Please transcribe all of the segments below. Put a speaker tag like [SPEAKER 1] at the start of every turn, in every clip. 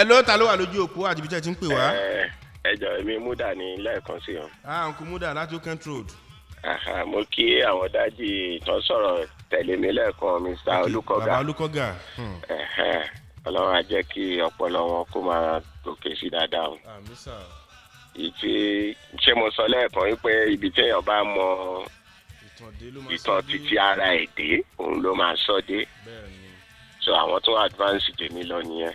[SPEAKER 1] ẹ ló ta ló wà lójú òpó àti ibi tẹ́ ti ń pè wá. Eh, ẹ jọ èmi múdà ní lẹ́ẹ̀kan sí o. a n kò múdà láti oakland road.
[SPEAKER 2] mo kí àwọn dájì tó sọ̀rọ̀ tẹ̀lé mi lẹ́ẹ̀kan mr olùkọ́gà.
[SPEAKER 1] bàbá olùkọ́gà. Hmm.
[SPEAKER 2] ọlọ́run á jẹ́ kí ọpọlọ wọn kó máa gòkè sí dáadáa o. Ah, ìfi ṣé mo sọ lẹ́ẹ̀kan wípé ibi téèyàn bá mọ ìtàn títí ara èdè òun ló máa sọ dé so àwọn tó advance tèmi lọ nìyẹn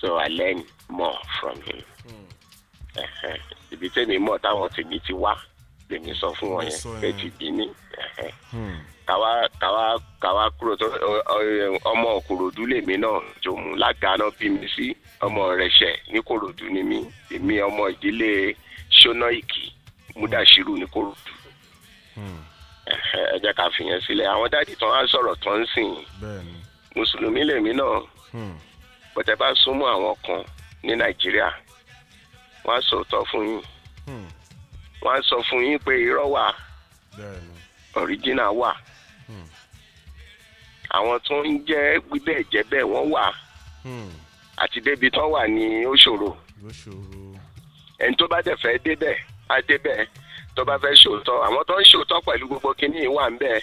[SPEAKER 2] so I learn more from him. Hmm. ibi tẹ́mi mọ̀ táwọn tèmi ti wá lèmi sọ fún wọn yẹn pé ti bí ní. Hmm. káwa káwa káwa kúrò tó ọmọ òkòròdú lèmi náà jòmù lágàánà bí mi sí ọmọ rẹ̀ ṣẹ̀ ní kòròdú ni mi èmi ọmọ ìdílé ṣónáìkì múdàṣírù ní kòròdú hmm. ẹ jẹ́ ká fìyẹn sílẹ̀ àwọn dáàdì tán á sọ̀rọ̀ tán ń sìn mùsùlùmí lèmi náà bọ̀tẹ́ bá súnmọ́ àwọn kan ní nàìjíríà wọ́n á sòótọ́ fún yín hmm. wọ́n á sọ fún yín pé irọ́ wà ọ̀ríjìnà wà hmm. àwọn tó ń jẹ́ bẹ́ẹ̀ jẹ́ bẹ́ẹ̀ wọ́n wà hmm. àti débi tán wà ní ó ṣòro ẹni tó bá dẹ̀ fẹ́ débẹ̀ á débẹ̀ tó bá fẹ́ ṣòótọ́ àwọn tó ń ṣòótọ́ pẹ̀lú gbogbo kínní wà ń bẹ́ẹ̀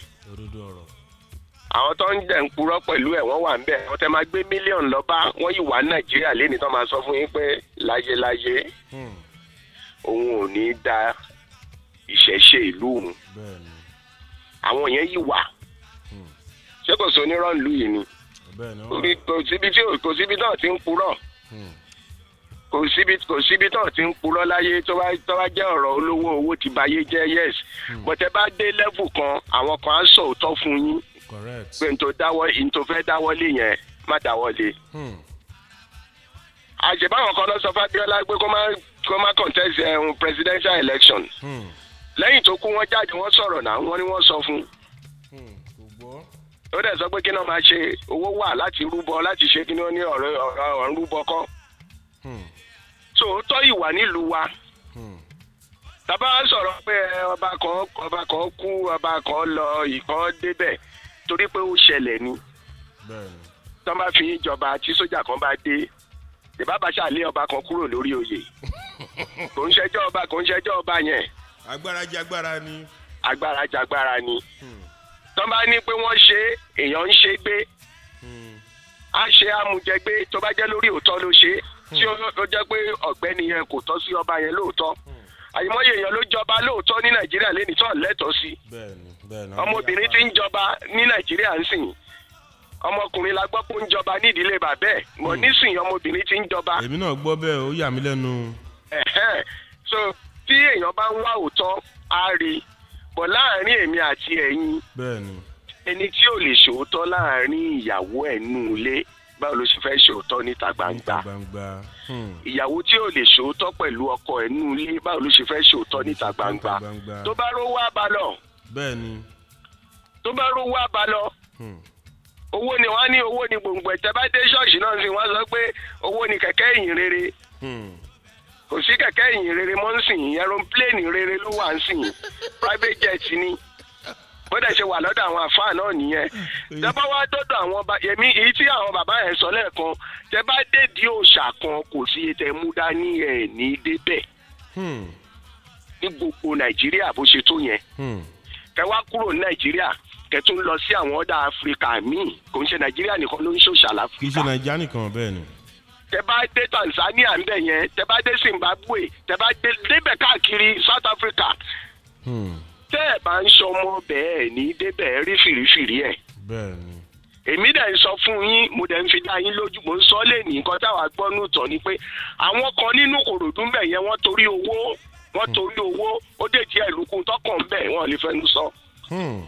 [SPEAKER 2] àwọn tó ń dẹ̀ ń purọ́ pẹ̀lú ẹ̀ wọ́n wà ń bẹ̀ wọ́n tẹ́ máa gbé mílíọ̀nù lọ bá wọ́n yìí wá nàìjíríà lẹ́ni tó máa sọ fún yín pé láyéláyé hmm. òun ò ní í da ìṣẹ̀ṣe ìlú òun àwọn yẹn yìí wà hmm. ṣé kò sí onírànlú yìí ni kò síbi tí kò síbi náà ti ń purọ́ hmm. kò síbi kò síbi náà ti ń purọ́ láyé tó bá tó bá jẹ́ ọ̀rọ̀ olówó owó ti bayé jẹ́ yes bọ̀tẹ́ bá dé level kan àwọn kan á sọ òótọ́ fún yín correct. pé n tó dáwọ́ n tó fẹ́ dáwọ́ lé yẹn má dáwọ́ lé. Hmm. àjẹbáwọn kan lọ sọ fábíọ́lá pé kó má kó má contest um, presidential election. Hmm. lẹ́yìn tó kú wọ́n jáde wọ́n sọ̀rọ̀ náà wọ́n ní wọ́n sọ fún. Hmm, ó dẹ̀ sọ pé kí náà máa ṣe owó wà láti rúbọ láti ṣe kí náà ní ọ̀rọ̀ ọ̀rọ̀ rúbọ kọ́. so tọ́ ìwà nílùú wa. Hmm tàbá sọ̀rọ̀ pé eh, ọba kan ọba kan kú ọba kan lọ ìkan débẹ̀ torí pé ó ṣẹlẹ̀ ni tó bá fi ìjọba tí sójà kan bá dé ìbá bá ṣàlẹ ọba kan kúrò lórí oyè kò ń ṣẹjọ́ ọba kò ń ṣẹjọ́ ọba yẹn. agbára jagbára ni. agbára jagbára ni. Hmm. tó bá ní pé wọ́n ṣe èèyàn ń ṣe gbé hmm. a ṣe amújẹgbé tó bá jẹ́ lórí òótọ́ ló ṣe tí hmm. ó jẹ́ pé ọ̀gbẹ́ni yẹn kò tọ́ sí ọba yẹn lóòótọ́. Hmm. àyùmọ̀yé èèyàn ló jọba lóòótọ́ ní nàìjíríà lẹ́ni tó lẹ́tọ̀ọ́ sí ọmọbìnrin tí ń jọba ní nàìjíríà ń sìn ọmọkùnrin la gbọ́ pé ń jọba ní ìdílé bàbẹ́ ẹ̀ mọ̀ hmm. nísìnyí ọmọbìnrin tí ń
[SPEAKER 1] jọba. èmi náà gbọ́ bẹ́ẹ̀ ó yà mí lẹ́nu.
[SPEAKER 2] so tí èèyàn bá ń wá òótọ́ á rí i bọ̀ láàrin èmi àti ẹ̀yin ẹni tí ò lè ṣòótọ́ láàrin ìyàwó ẹ̀ nù ilé báwo ló ṣe fẹ́ ṣe òótọ́ níta gbangba hmm. ìyàwó tí ò lè ṣòótọ́ pẹ̀lú ọkọ ẹ̀ nínú ilé báwo ló ṣe fẹ́ ṣe òótọ́ níta
[SPEAKER 1] gbangba tó bá
[SPEAKER 2] rówó abalọ̀ tó bá rówó abalọ̀ hmm. owó ni wọ́n ní owó ni gbòǹgbò ẹ̀tẹ́ bá dé ṣọ́ọ̀ṣì náà fi wọ́n sọ pé owó ni kẹ̀kẹ́ ìyìn rere hmm. kò sí kẹ̀kẹ́ ìyìn rere mọ́ ń sìn yẹn aeroplane rere ló wà ń sìn private jet ni bó dẹ̀ ṣe wà lọ́dọ̀ àwọn àfáà náà nìyẹn ah, tẹ́bá wá dọ́dọ̀ àwọn bá èyí tí àwọn bàbá yẹn sọ lẹ́ẹ̀kan tẹ́bá dédi òòṣà kan kò sí ètè mú dání ẹ̀ ní débẹ̀ hmm. ní gbogbo nàìjíríà bó ṣe tó yẹn hmm. kẹ wá kúrò ní nàìjíríà kẹ tún lọ sí àwọn ọ̀dà áfíríkà míì kò ń ṣe nàìjíríà nìkan ló ń ṣòṣà
[SPEAKER 1] láfíríkà.
[SPEAKER 2] tẹ bá dé Tanzania ń bẹ yẹn tẹ bá dé Zimbabwe tẹ bá dé débẹ̀ káàkiri South Africa. Hmm tẹ́ ẹ̀ bá ń sọmọ bẹ́ẹ̀ ní débẹ̀ rí fìrífìrí ẹ̀. èmi dẹ̀ ń sọ fún yín mo dẹ̀ ń fi dá yín lójú mo ń sọ lé ní nǹkan táwa gbọ́ nù tọ̀ ni pé àwọn kan nínú kòròdú ń bẹ̀ yẹn wọ́n torí owó wọ́n torí owó ó dé tí ẹ̀lùkùn tọkàn bẹ̀ wọ́n lè fẹnu sọ. Hmm.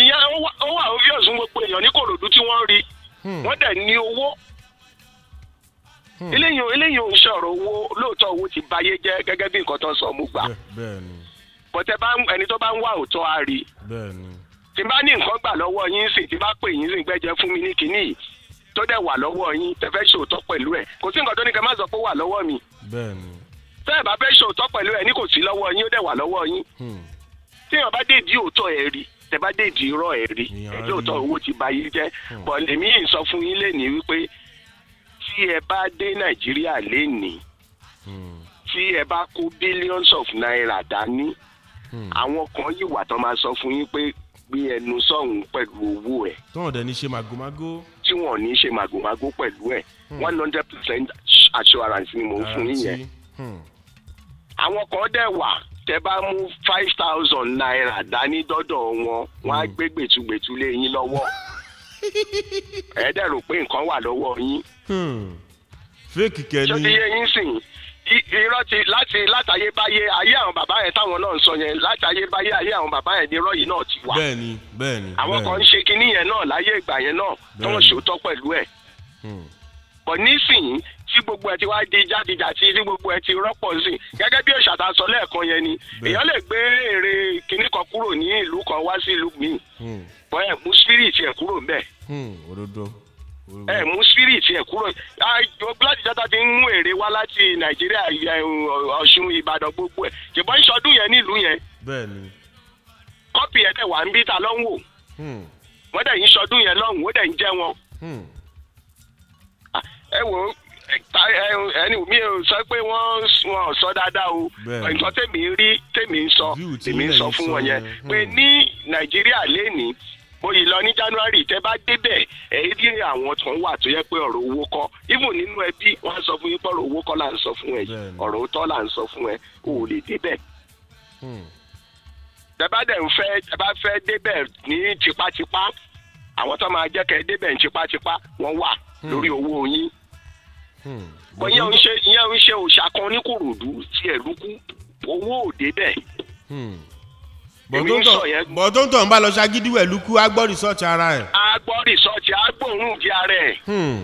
[SPEAKER 2] ìyẹn ó wà obvious gbogbo èèyàn ní kòròdú tí wọ́n rí hmm. wọ́n dẹ̀ ní owó hmm. eléyìí eléyìí ò ń sọ̀rọ̀ owó lóòótọ́ owó ti bayé jẹ́ gẹ́gẹ́ bí nǹkan tó ń sọ mo gbà bọ́tẹ́ bá ẹni tó bá ń wá òótọ́ á rí tí bá ní nǹkan gbà lọ́wọ́ yín sìn tí bá pè yín sìn gbẹ́jẹ́ fún mi ní kinní yìí tó dẹ̀ wà lọ́wọ́ yín tẹ́ fẹ́ ṣòótọ́ pẹ̀lú ẹ̀ kò sí nǹkan tó ní kẹ́ má sọ pé wà lọ́wọ́ mi tẹ́ ẹ̀ bá fẹ́ ṣòótọ́ pẹ̀lú ẹ̀ ní kò sí lọ́wọ́ yín ó dẹ̀ wà lọ́wọ́ yín hmm. tí èèyàn bá dé di òótọ́ ẹ̀ rí tẹ́ bá dé irọ́ ẹ̀ rí ẹ̀jẹ̀ òótọ́ owó ti ba yín jẹ́ hmm. bọ̀ èmi yìí sọ fún yín lẹ́nìí wípé tí ẹ bá dé Nàìjíríà lẹ́nìí hmm. tí ẹ bá kó billions of naira dání. Hmm Hmm. àwọn kan yìí wà tán máa sọ fún yín pé gbé ẹnu sọ̀hún pẹ̀lú owó ẹ̀.
[SPEAKER 1] tí wọn ò dẹ̀ ní ṣe màgòmágó.
[SPEAKER 2] tí wọn ò ní ṣe màgòmágó pẹ̀lú ẹ̀ hmm. one hundred percent assurance ni mò ń fún yín yẹn. Hmm. àwọn kan dẹ̀ wà tẹ́ bá mú five thousand naira dání dọ́dọ̀ wọn wọn á gbé gbètúgbètú lé yín lọ́wọ́ ẹ dẹ̀ rò pé nǹkan wà lọ́wọ́ yín.
[SPEAKER 1] fake kẹ́ni. ṣé ti yẹ yín
[SPEAKER 2] sìn irọ́ ti láti látayébáyé ayé àwọn bàbá yẹn táwọn náà ń sọ yẹn látayébáyé ayé àwọn bàbá yẹn ní irọ́ yìí náà ti
[SPEAKER 1] wà. bẹ́ẹ̀ni bẹ́ẹ̀ni àwọn kan ń
[SPEAKER 2] ṣe kinní yẹn náà láyé ìgbà yẹn náà tó ń ṣòótọ́ pẹ̀lú ẹ̀. Hmm. bọ̀ nísìnyí tí gbogbo ẹ ti wá di jádìjà tí tí gbogbo ẹ ti rọ́pọ̀ sí gẹ́gẹ́ bí òṣàtà sọ lẹ́ẹ̀kan yẹn ni èèyàn lè gbé èrè kinní kan kúrò ní ìlú kan wá sí ìlú míì hmm. bọ́ ẹ̀ mú spirit ẹ̀ kúrò ńbẹ̀.
[SPEAKER 1] Hmm, òdodo
[SPEAKER 2] ẹ mú spirit ẹ kúrò Gladys Adams ti ń mú èrè wá láti Nàìjíríà Ọ̀ṣun Ìbàdàn gbogbo ẹ̀ ṣùgbọ́n ìṣọdún yẹn nílùú yẹn kọ́pì ẹ̀ tẹ̀ wá ń bí ta lọ́hùn wò hmm. wọ́n dẹ̀ ń ṣọdún yẹn lọ́hùn wọ́n dẹ̀ ń jẹ́ wọn. Hmm. ẹ wò ẹni mi ò sọ pé wọ́n wọn sọ dáadáa o nǹkan tèmi rí tèmi ń sọ tèmi ń sọ fún wọn yẹn pé hmm. ní Nàìjíríà lénìí oyè lọ ní january tẹ bá débẹ̀ èyí rí àwọn tó ń wà tó yẹ pé ọ̀rọ̀ owó kọ́ even nínú ẹbí wọn á sọ fún yín pé ọ̀rọ̀ owó kọ́ là ń sọ fún ẹ ọ̀rọ̀ òótọ́ là ń sọ fún ẹ o ò lè débẹ̀. Hmm. tẹ bá dẹ̀ ń fẹ́ tẹ bá fẹ́ débẹ̀ ní tipátipá àwọn tó máa jẹ́ kẹ́ ẹ débẹ̀ ní tipátipá wọ́n wà hmm. lórí owó yín. ìyẹn hmm. ń ṣe ìyẹn ń ṣe òṣà kan ní Kòròdú owó ò débẹ̀ bọ̀
[SPEAKER 1] tó ń tọ̀ ń bá lọ ṣagídí wẹ̀lú kú agbọ́ rìsọ́ọ̀tì ara ẹ̀.
[SPEAKER 2] agbọ́ rìsọ́ọ̀tì agbóòrùn di ara ẹ̀. bọ̀ hmm.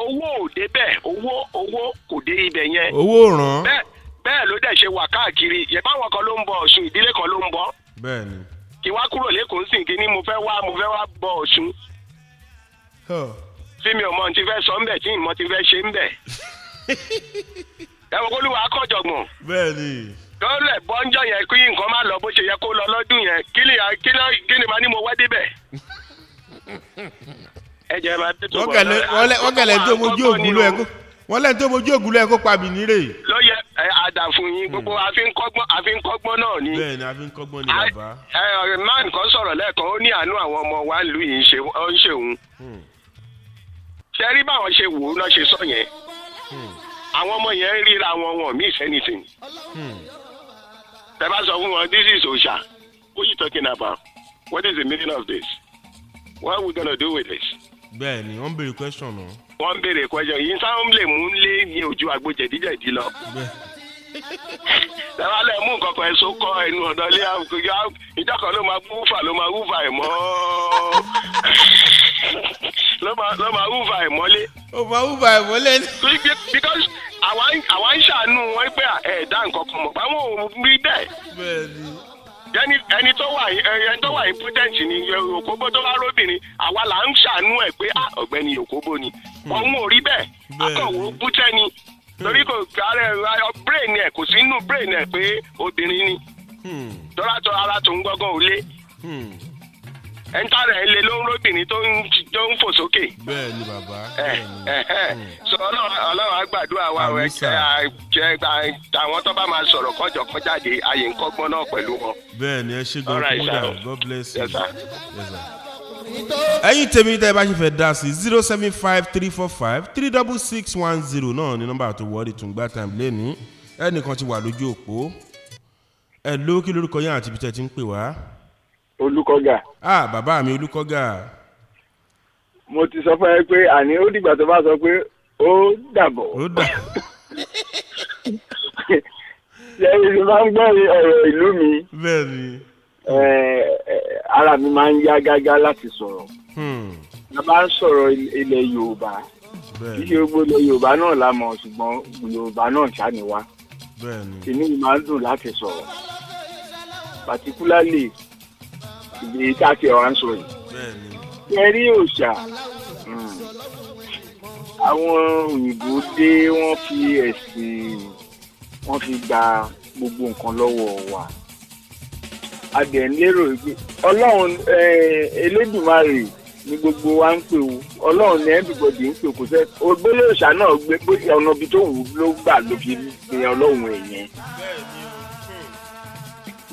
[SPEAKER 2] owó ò dé bẹ́ẹ̀ owó owó kò dé ibẹ̀ yẹn. owó ràn. bẹ́ẹ̀ ló dẹ̀ ṣe wà káàkiri yẹ̀báwọn kan ló ń bọ ọ̀ṣun ìdílé kan ló ń bọ. bẹ́ẹ̀ni. kí wá kúrò lẹ́kọ̀ọ́ sìn kí ni mo fẹ́ wá mo fẹ́ wá bọ ọ̀ṣun. tí mi ò mọ ti fẹ́ sọ ńbẹ̀ tí ìmọ̀ ti fẹ́ ṣe ńbẹ̀. ẹ̀wọ̀n kólúwa akọ́jọ̀gbọ̀n. bẹ́ẹ̀ni lọ́lẹ̀ bọ́njọ́ yẹn kí nǹkan má lọ bó ṣe yẹ kó lọ lọ́dún yẹn kí ni kí ni máa ní mo wá débẹ̀. ẹ jẹ́ máa tètè
[SPEAKER 1] bọ̀ lọ́la wọ́n kẹlẹ̀ tó mojú ògùn ló ẹ kó wọ́n lẹ́yìn tó mojú ògùn ló ẹ kó pa mí nírè.
[SPEAKER 2] ló yẹ àdàfún yín hmm. gbogbo àfinkọ́gbọ́n àfinkọ́gbọ́n náà ni.
[SPEAKER 1] bẹ́ẹ̀ni àfinkọ́gbọ́n ni bàbá.
[SPEAKER 2] ẹ ẹ man kan sọ̀rọ̀ lẹ́ẹ̀kan ó ní àánú àwọn ọmọ wa ń lu yìí ń ṣe òun. Hmm. ṣe rí báwọn ṣe wò ó náà ṣe sọ yẹn hmm. àwọn ọmọ yẹn ń ríra wọn wọn mí ìfẹ́ nìsín tẹ sọ fún wọn this is òòṣà what you talking about what is the meaning of this what are we gonna do with this.
[SPEAKER 1] bẹ́ẹ̀ni wọn béèrè question náà.
[SPEAKER 2] wọn béèrè question yìí sáwọn lè mú lé ní ojú àgbo jẹ̀díjẹ̀dí lọ. bẹ́ẹ̀ tẹ̀wálẹ̀ mú nǹkan kan ẹ̀sùn kọ ẹnu ọ̀dọ̀ ilé àwùjọ ìjọ kan ló máa wúfà ló máa wúfà ẹ̀ mọ́ ló máa wúfà ẹ̀ mọ́lé. ó máa wúfà ẹ̀ mọ́lé. because àwa ń ṣàánú wọn pé ẹ̀ẹ́dá nǹkan kan mọ̀ báwọn ò rí bẹ́ẹ̀. bẹ́ẹ̀ni ẹni ẹni tó wà ẹni tó wà impotent ni òkóbó tó bá róbìnrin àwa là ń ṣàánú ẹ pé ọ̀gbẹ́ni òkóbó ni ọ̀hún hmm. ò rí bẹ́ẹ̀ akọ̀wé bútẹ́ ni torí kò ààrẹ brain ẹ kò sí inú brain ẹ pé obìnrin ni hmm. tọ́látọ́ ara tó ń gọ́gán ò hmm. lé ẹ̀ńtà lé ló tó ń tó ń fò sókè. bẹ́ẹ̀ ni bàbá. Eh, eh, eh. hmm. sọ Ọlọ́run àgbàdua wa rẹ jẹ àwọn tó bá máa sọ̀rọ̀ kọjọ kan jáde àyè ń náà pẹ̀lú wọn.
[SPEAKER 1] bẹ́ẹ̀ ẹ ṣe gbọ́dọ̀ god bless you. Yes, sir. Yes, sir ẹ̀yin tèmi tẹ́ ẹ bá ṣe fẹ́ dá sí zero seven five three four five three double six one zero náà ní nọ́mbà tó wọ́ọ́dì tún gbá time lẹ́ni ẹnìkan ti wà lójú òpó ẹ ló kí lórúkọ yẹn àti ibi tẹ́ ti ń pè wá. olùkọ́gà. ah bàbá mi olùkọ́gà.
[SPEAKER 2] mo ti sọ fún ẹ pé àní ó dìgbà tó bá sọ pé ó dàbọ̀. ó dàbọ̀. ṣé ìlú máa ń gbọ́ ọ̀rọ̀ ìlú mi. bẹ́ẹ̀ ni. Hmm. Eh, eh, ara mi máa ń yá gágá láti sọ̀rọ̀ hmm. a bá ń sọ̀rọ̀ ilẹ̀ Yorùbá kí ṣe gbogbo ilẹ̀ Yorùbá náà la mọ̀ ṣùgbọ́n Yorùbá náà ṣàní wa tèmi máa ń dùn láti sọ̀rọ̀ particularly ibi tá a ti ọ̀ sọ yìí kẹrí òòṣà hmm. àwọn òyìnbó dé wọ́n fi ẹ̀sìn wọ́n fi gba gbogbo nǹkan lọ́wọ́ wa adẹ̀ńlérò wípé ọlọ́run elédùnmarè ni gbogbo wa ń pè o ọlọ́run ní everybody ń pè kò sẹ́ ògbélé òòṣà náà gbé bó ti ọ̀nà ibi tó wù ló gbà ló fi pe ọlọ́run ẹ̀yẹn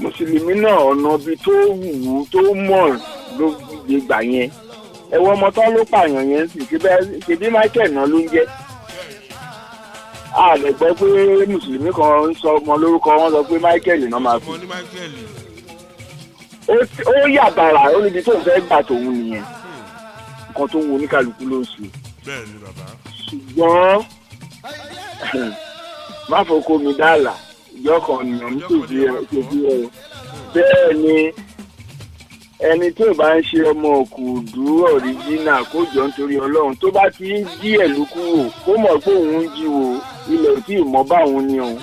[SPEAKER 2] mùsùlùmí náà ọ̀nà ibi tó wù ú tó mọ̀ ló gbà yẹn ẹ̀wọ̀n ọmọ tán ló pààyàn yẹn sì ṣebí michael náà ló ń jẹ́ a gbọ́ pé mùsùlùmí kan ń sọ ọmọ lórúkọ wọn sọ pé michael náà máa fi ó yà bàrà ó níbi tó ń fẹ́ gbà tòun nìyẹn nǹkan tó ń wo oníkàlùkù ló ń ṣe. bẹ́ẹ̀ni bàbá. ṣùgbọ́n má fọkọ mi dáàlà ìjọ kan nìyẹn mi tó di ẹ bẹ́ẹ̀ ni ẹni tó bá ń ṣe ọmọ òkùdú ọ̀ríjínà kó jọ nítorí ọlọ́run tó bá ti ń jí ẹ̀lú kúrò kó mọ̀ pé òun ń jí wo ilẹ̀ tí ì mọ́ bá òun ni òun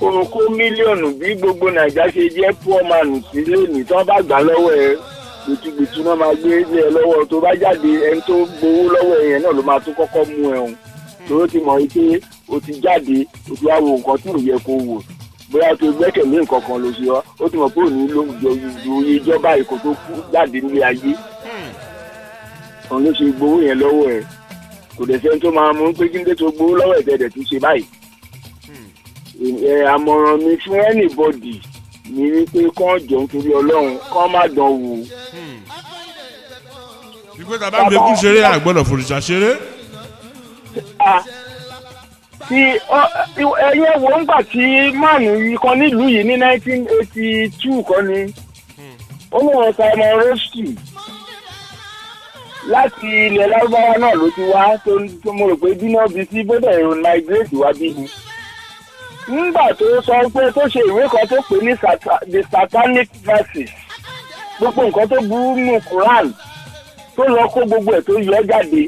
[SPEAKER 2] kó kó mílíọ̀nù bí gbogbo nàìjà ṣe jẹ́ poor man sílé ní tí wọ́n bá gbà lọ́wọ́ ẹ gbìtúgbìtú náà máa gbé ilé ẹ lọ́wọ́ tó bá jáde ẹni tó gbowó lọ́wọ́ ẹ yẹn náà ló máa tún kọ́kọ́ mú ẹ hùn tòró ti mọ̀ wípé o ti jáde o ti wá wo nǹkan tí ò yẹ kó wò bóyá tó gbẹ́kẹ̀lé nǹkan kan ló ṣe ọ́ ó ti mọ̀ pé òní ló ju ìjọba èkó tó kú jáde nílé ayé òun ló ṣe gbowó yẹn lọ́wọ́ ẹ kò dẹ̀ sẹ́ni tó máa mú pé kí n dé tó gbowó lọ́wọ́ ẹ̀ tẹ̀ dẹ̀ tún ṣe báyìí àmọ̀ràn mi fún anybody ni wípé kán jọ nítorí ọlọ́run kán má dán wò. Hmm.
[SPEAKER 1] ìgbé tàbá gbẹ̀kú ṣeré àgbọ̀dọ̀ fòrìṣà ṣeré.
[SPEAKER 2] Ah, ti ẹyẹ wo ń gbà tí mánu yìí kan nílùú yìí ní nineteen eighty two kan ni hmm. ó mọ̀ ọ́n Simon Roski láti ilẹ̀ lárúbáwá náà ló ti wá tó mo rò pé bí náà bí sí bó dẹ̀ rò wá bí ni nígbà tó sọ pé tó ṣe ìwé kan tó pè ní the satanic verses gbogbo nǹkan tó burú nù Quran tó lọ kó gbogbo ẹ̀ tó yọ jáde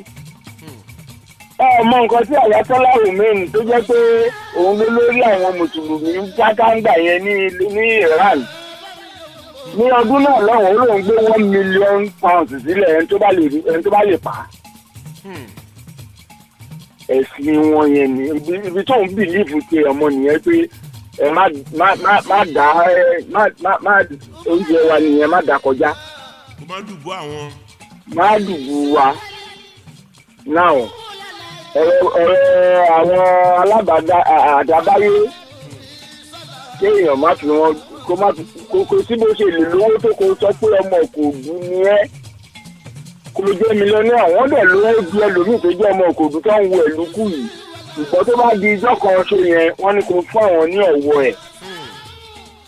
[SPEAKER 2] ọmọ nǹkan tí àyàtọ́lá Khomeini tó jẹ́ pé òun ló lórí àwọn mùsùlùmí jákàǹgbà yẹn ní Iran ní ọdún náà lọ́wọ́ ó lóun gbé one million pounds sílẹ̀ ẹni tó bá lè pa ẹ̀sìn wọn yẹn ni ibi tó ń bìlíìfù pé ọmọ nìyẹn pé ẹ má má má dá ẹ má má má oúnjẹ wa nìyẹn má dá kọjá.
[SPEAKER 1] mo máa dùbò àwọn.
[SPEAKER 2] má dùbò wa náà ọ̀rọ̀ àwọn alábàdá àdábáyé kéèyàn má fi wọn kó má kó síbó ṣe lè lówó tó kó sọ pé ọmọ kò dùn ní ẹ́ mo jẹ́ mílíọ̀nù àwọn dẹ̀ ló di ẹlòmíì tó jẹ́ ọmọ òkòdù tó ń wo ẹ̀lú kù yìí ṣùgbọ́n tó bá di ijọ́ kan ṣe yẹn wọ́n ní kó fún àwọn ní ọ̀wọ́ ẹ̀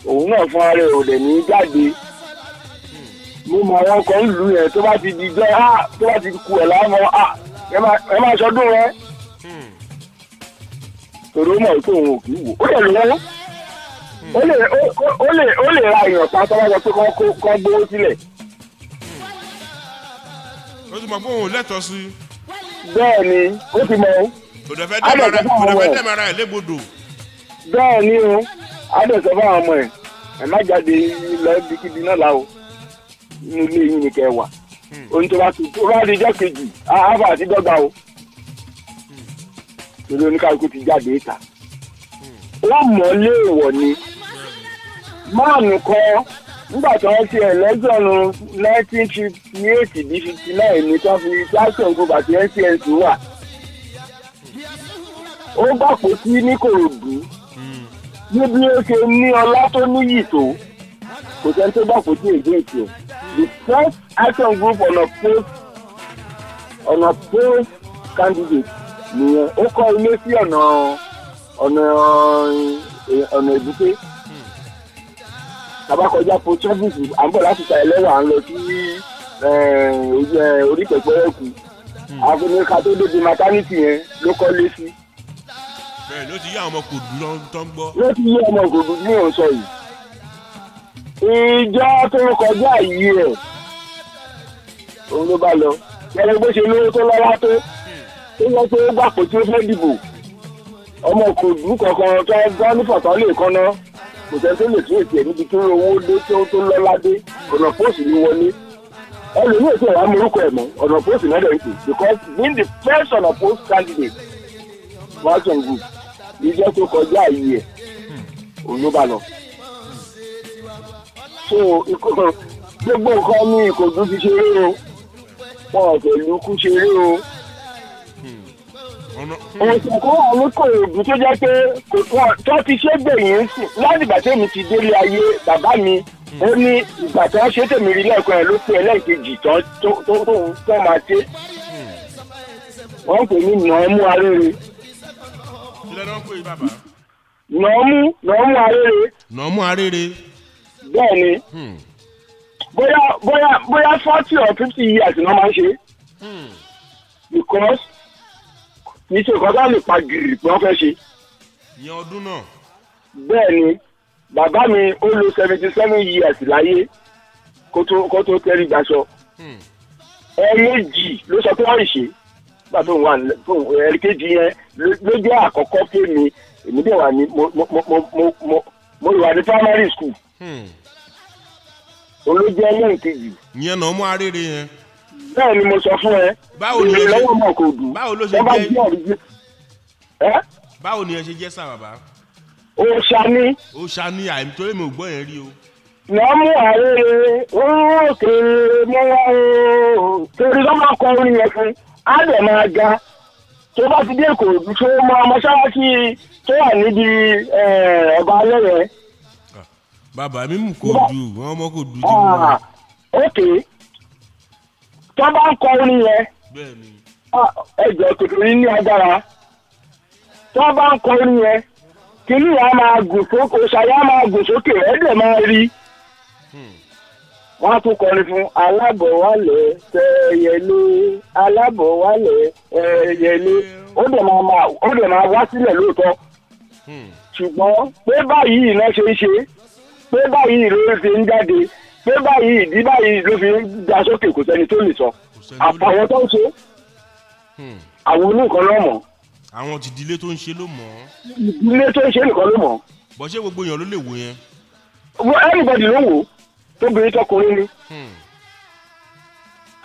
[SPEAKER 2] òun náà fún ara ẹ̀ ò dẹ̀ ní jáde mo mọ àwọn kan ń lù yẹn tó bá ti di ijọ́ á ah, tó bá ti ku ẹ̀ láàmú á ah, ẹ máa ṣọdún rẹ tòró mọ̀ pé òun ò kì í wò ó dẹ̀ lọ́wọ́ ó lè ra èèyàn pa tó bá sọ pé kán gbówó sílẹ̀
[SPEAKER 1] ó ti mọ̀ pé òun ò lẹ́tọ̀ọ́ sí i. bẹ́ẹ̀ ni ó ti mọ̀ o. kò dẹ̀ fẹ́ dẹ́mọ̀ ara ẹ̀ légbodò. bẹ́ẹ̀ ni o á dẹ̀ sọ fún àwọn ọmọ ẹ̀ ẹ̀ má jáde lọ
[SPEAKER 2] ibikíbi náà la o inú ilé yín ni kẹ́ ẹ wà hmm. ohun tó bá ti tó bá di ijọ́ kejì àbá àti dọ́gba o hmm. torí oníkàlùkù ti jáde ìta wọ́n hmm. mọ̀ ọ́ léèwọ̀ ni máàmù kọ́ nígbà tí wọ́n ṣe ẹ̀lẹ́sọ̀nù nineteen fifty eight bí fifty nine ni tí wọ́n fi jackson gbogbo àti ncs wà ó gbà pé sí nìkòròdú níbi ó ṣe ní ọlá tó níyì tó kò sẹ́ni tó gbà pé sí èdè ètò the first action group on a post on a post candidate nìyẹn ó kọ́ ilé sí ọ̀nà ọ̀nà ọ̀nà èbúté tabakọjá post office à ń bọ̀ láti ta ẹlẹ́wọ̀n à ń lọ sí eh, orí pẹ̀pẹ́rẹ́ kù àfẹnukà tó débi maternity yẹn ló kọ́ lé sí.
[SPEAKER 1] bẹ́ẹ̀ ló ti yí àwọn ọmọ kò dùn
[SPEAKER 2] tó ń gbọ́. ló ti yí ọmọ kò dùn ní òǹsọ yìí. ìjọ tó kọjá yìí ẹ̀ òun ló bá lọ ẹni bó ṣe lówó tó lọ́wọ́ tó tó lọ pé ó gbà pé tí ó fẹ́ dìbò ọmọ kò dùn kankan tó gbọ́ nífọ̀tán lè kán náà kò sẹ́ni tó lè tún ètò ẹ̀ níbi tí owó dé tí ó tó lọ́lá dé ọ̀nà póòsì ni wọlé ẹlòmíì ètò ẹ̀ morúkọ ẹ̀ mọ́ ọ̀nà póòsì náà dẹ̀ ń pè because being the first ọ̀nà póòsì candidate watson group ìjọ tó kọjá yìí ẹ̀ òun so gbogbo nǹkan ní ìkòjú ti ṣeré o wọn pẹ̀lú kú ṣeré o òsùn kó wà lókòrò ògùn tó jẹ́ pé tó ti ṣe gbẹ̀yìn sùn láti ìgbà tẹ́mi ti délé ayé bàbá mi ó ní ìgbà tó ń ṣe tèmi rí lẹ́ẹ̀kan ẹ̀ ló pé ẹlẹ́ẹ̀kejì tó tó máa ṣe
[SPEAKER 1] wọ́n pè ní nọ́ọ̀mù arére. ilé náà ń pè bàbá. nọ́ọ̀mù nọ́ọ̀mù arére. nọ́ọ̀mù arére. bẹ́ẹ̀ ni
[SPEAKER 3] hmm.
[SPEAKER 2] bóyá bóyá bóyá forty or fifty years ni wọ́n máa ń ṣe hmm. because kì í ṣe nǹkan bá lè pa gírì pé wọ́n fẹ́ ṣe.
[SPEAKER 1] ìyẹn ọdún náà.
[SPEAKER 2] bẹ́ẹ̀ ni bàbá mi ó lo seventy seven years láyé kó tó tẹ́rí gbaṣọ. Hmm. ẹ̀ẹ́mẹ́jì ló sọ pé wọ́n ṣe nígbà tó ń wà ẹ̀ẹ́dẹ́gẹ́jì yẹn ló jẹ́ àkọ́kọ́ fún mi èmi dẹ̀ wà ní mo wà ní primary school.
[SPEAKER 1] olójẹ́ hmm. ẹlẹ́ǹkejì. ìyẹn náà mú arére yẹn bẹ́ẹ̀ ni mo sọ fún ẹ. báwo ni ẹ ṣe lọ́wọ́ báwo ni ẹ ṣe jẹ́ sá bàbá. o ṣani. o ṣani àìmí torí mi ò gbọ́ yẹn rí o. nọ́ọ̀mù àárẹ̀
[SPEAKER 2] òkè mọ́wá o torí lọ́mọ kọ orin yẹn fún á dẹ̀ máa ga tó bá ti dé kò tó máa mọ́ṣáláṣí tó
[SPEAKER 1] wà níbi ọba alẹ́ rẹ̀. Ah, bàbá mi mú kò dùn wọn mọ kò dùn jù. Ah, ok. tó bá ń kọ orin yẹn
[SPEAKER 2] ẹjọ kìkìrì ní agbára tó ń kọ orin yẹn kìnìún yà máa gùn sókè ṣàyà máa gùn sókè ẹ̀ẹ́dẹ̀ máa rí hmm. wọ́n á tún kọrin fún ẹ̀yẹlé ẹ̀yẹlé ó dẹ̀ máa ma ó dẹ̀ máa wá sílẹ̀ lóòótọ́ hmm. ṣùgbọ́n pé báyìí iná ṣe ń ṣe pé báyìí ṣe ń jáde pé báyìí ìdí báyìí ló fi ń da sókè kò sẹ́ni tó lè sọ àfàwọn tó ń ṣe hmm. àwọn oníkan ló mọ̀.
[SPEAKER 1] àwọn tìdílé tó ń ṣe ló mọ̀.
[SPEAKER 2] ìdílé tó ń ṣe nìkan ló mọ̀.
[SPEAKER 1] bọ́ ṣé gbogbo èèyàn ló lè wò yẹn.
[SPEAKER 2] wọ everybody ló wò tóbìnrin tọkùnrin ni. Hmm.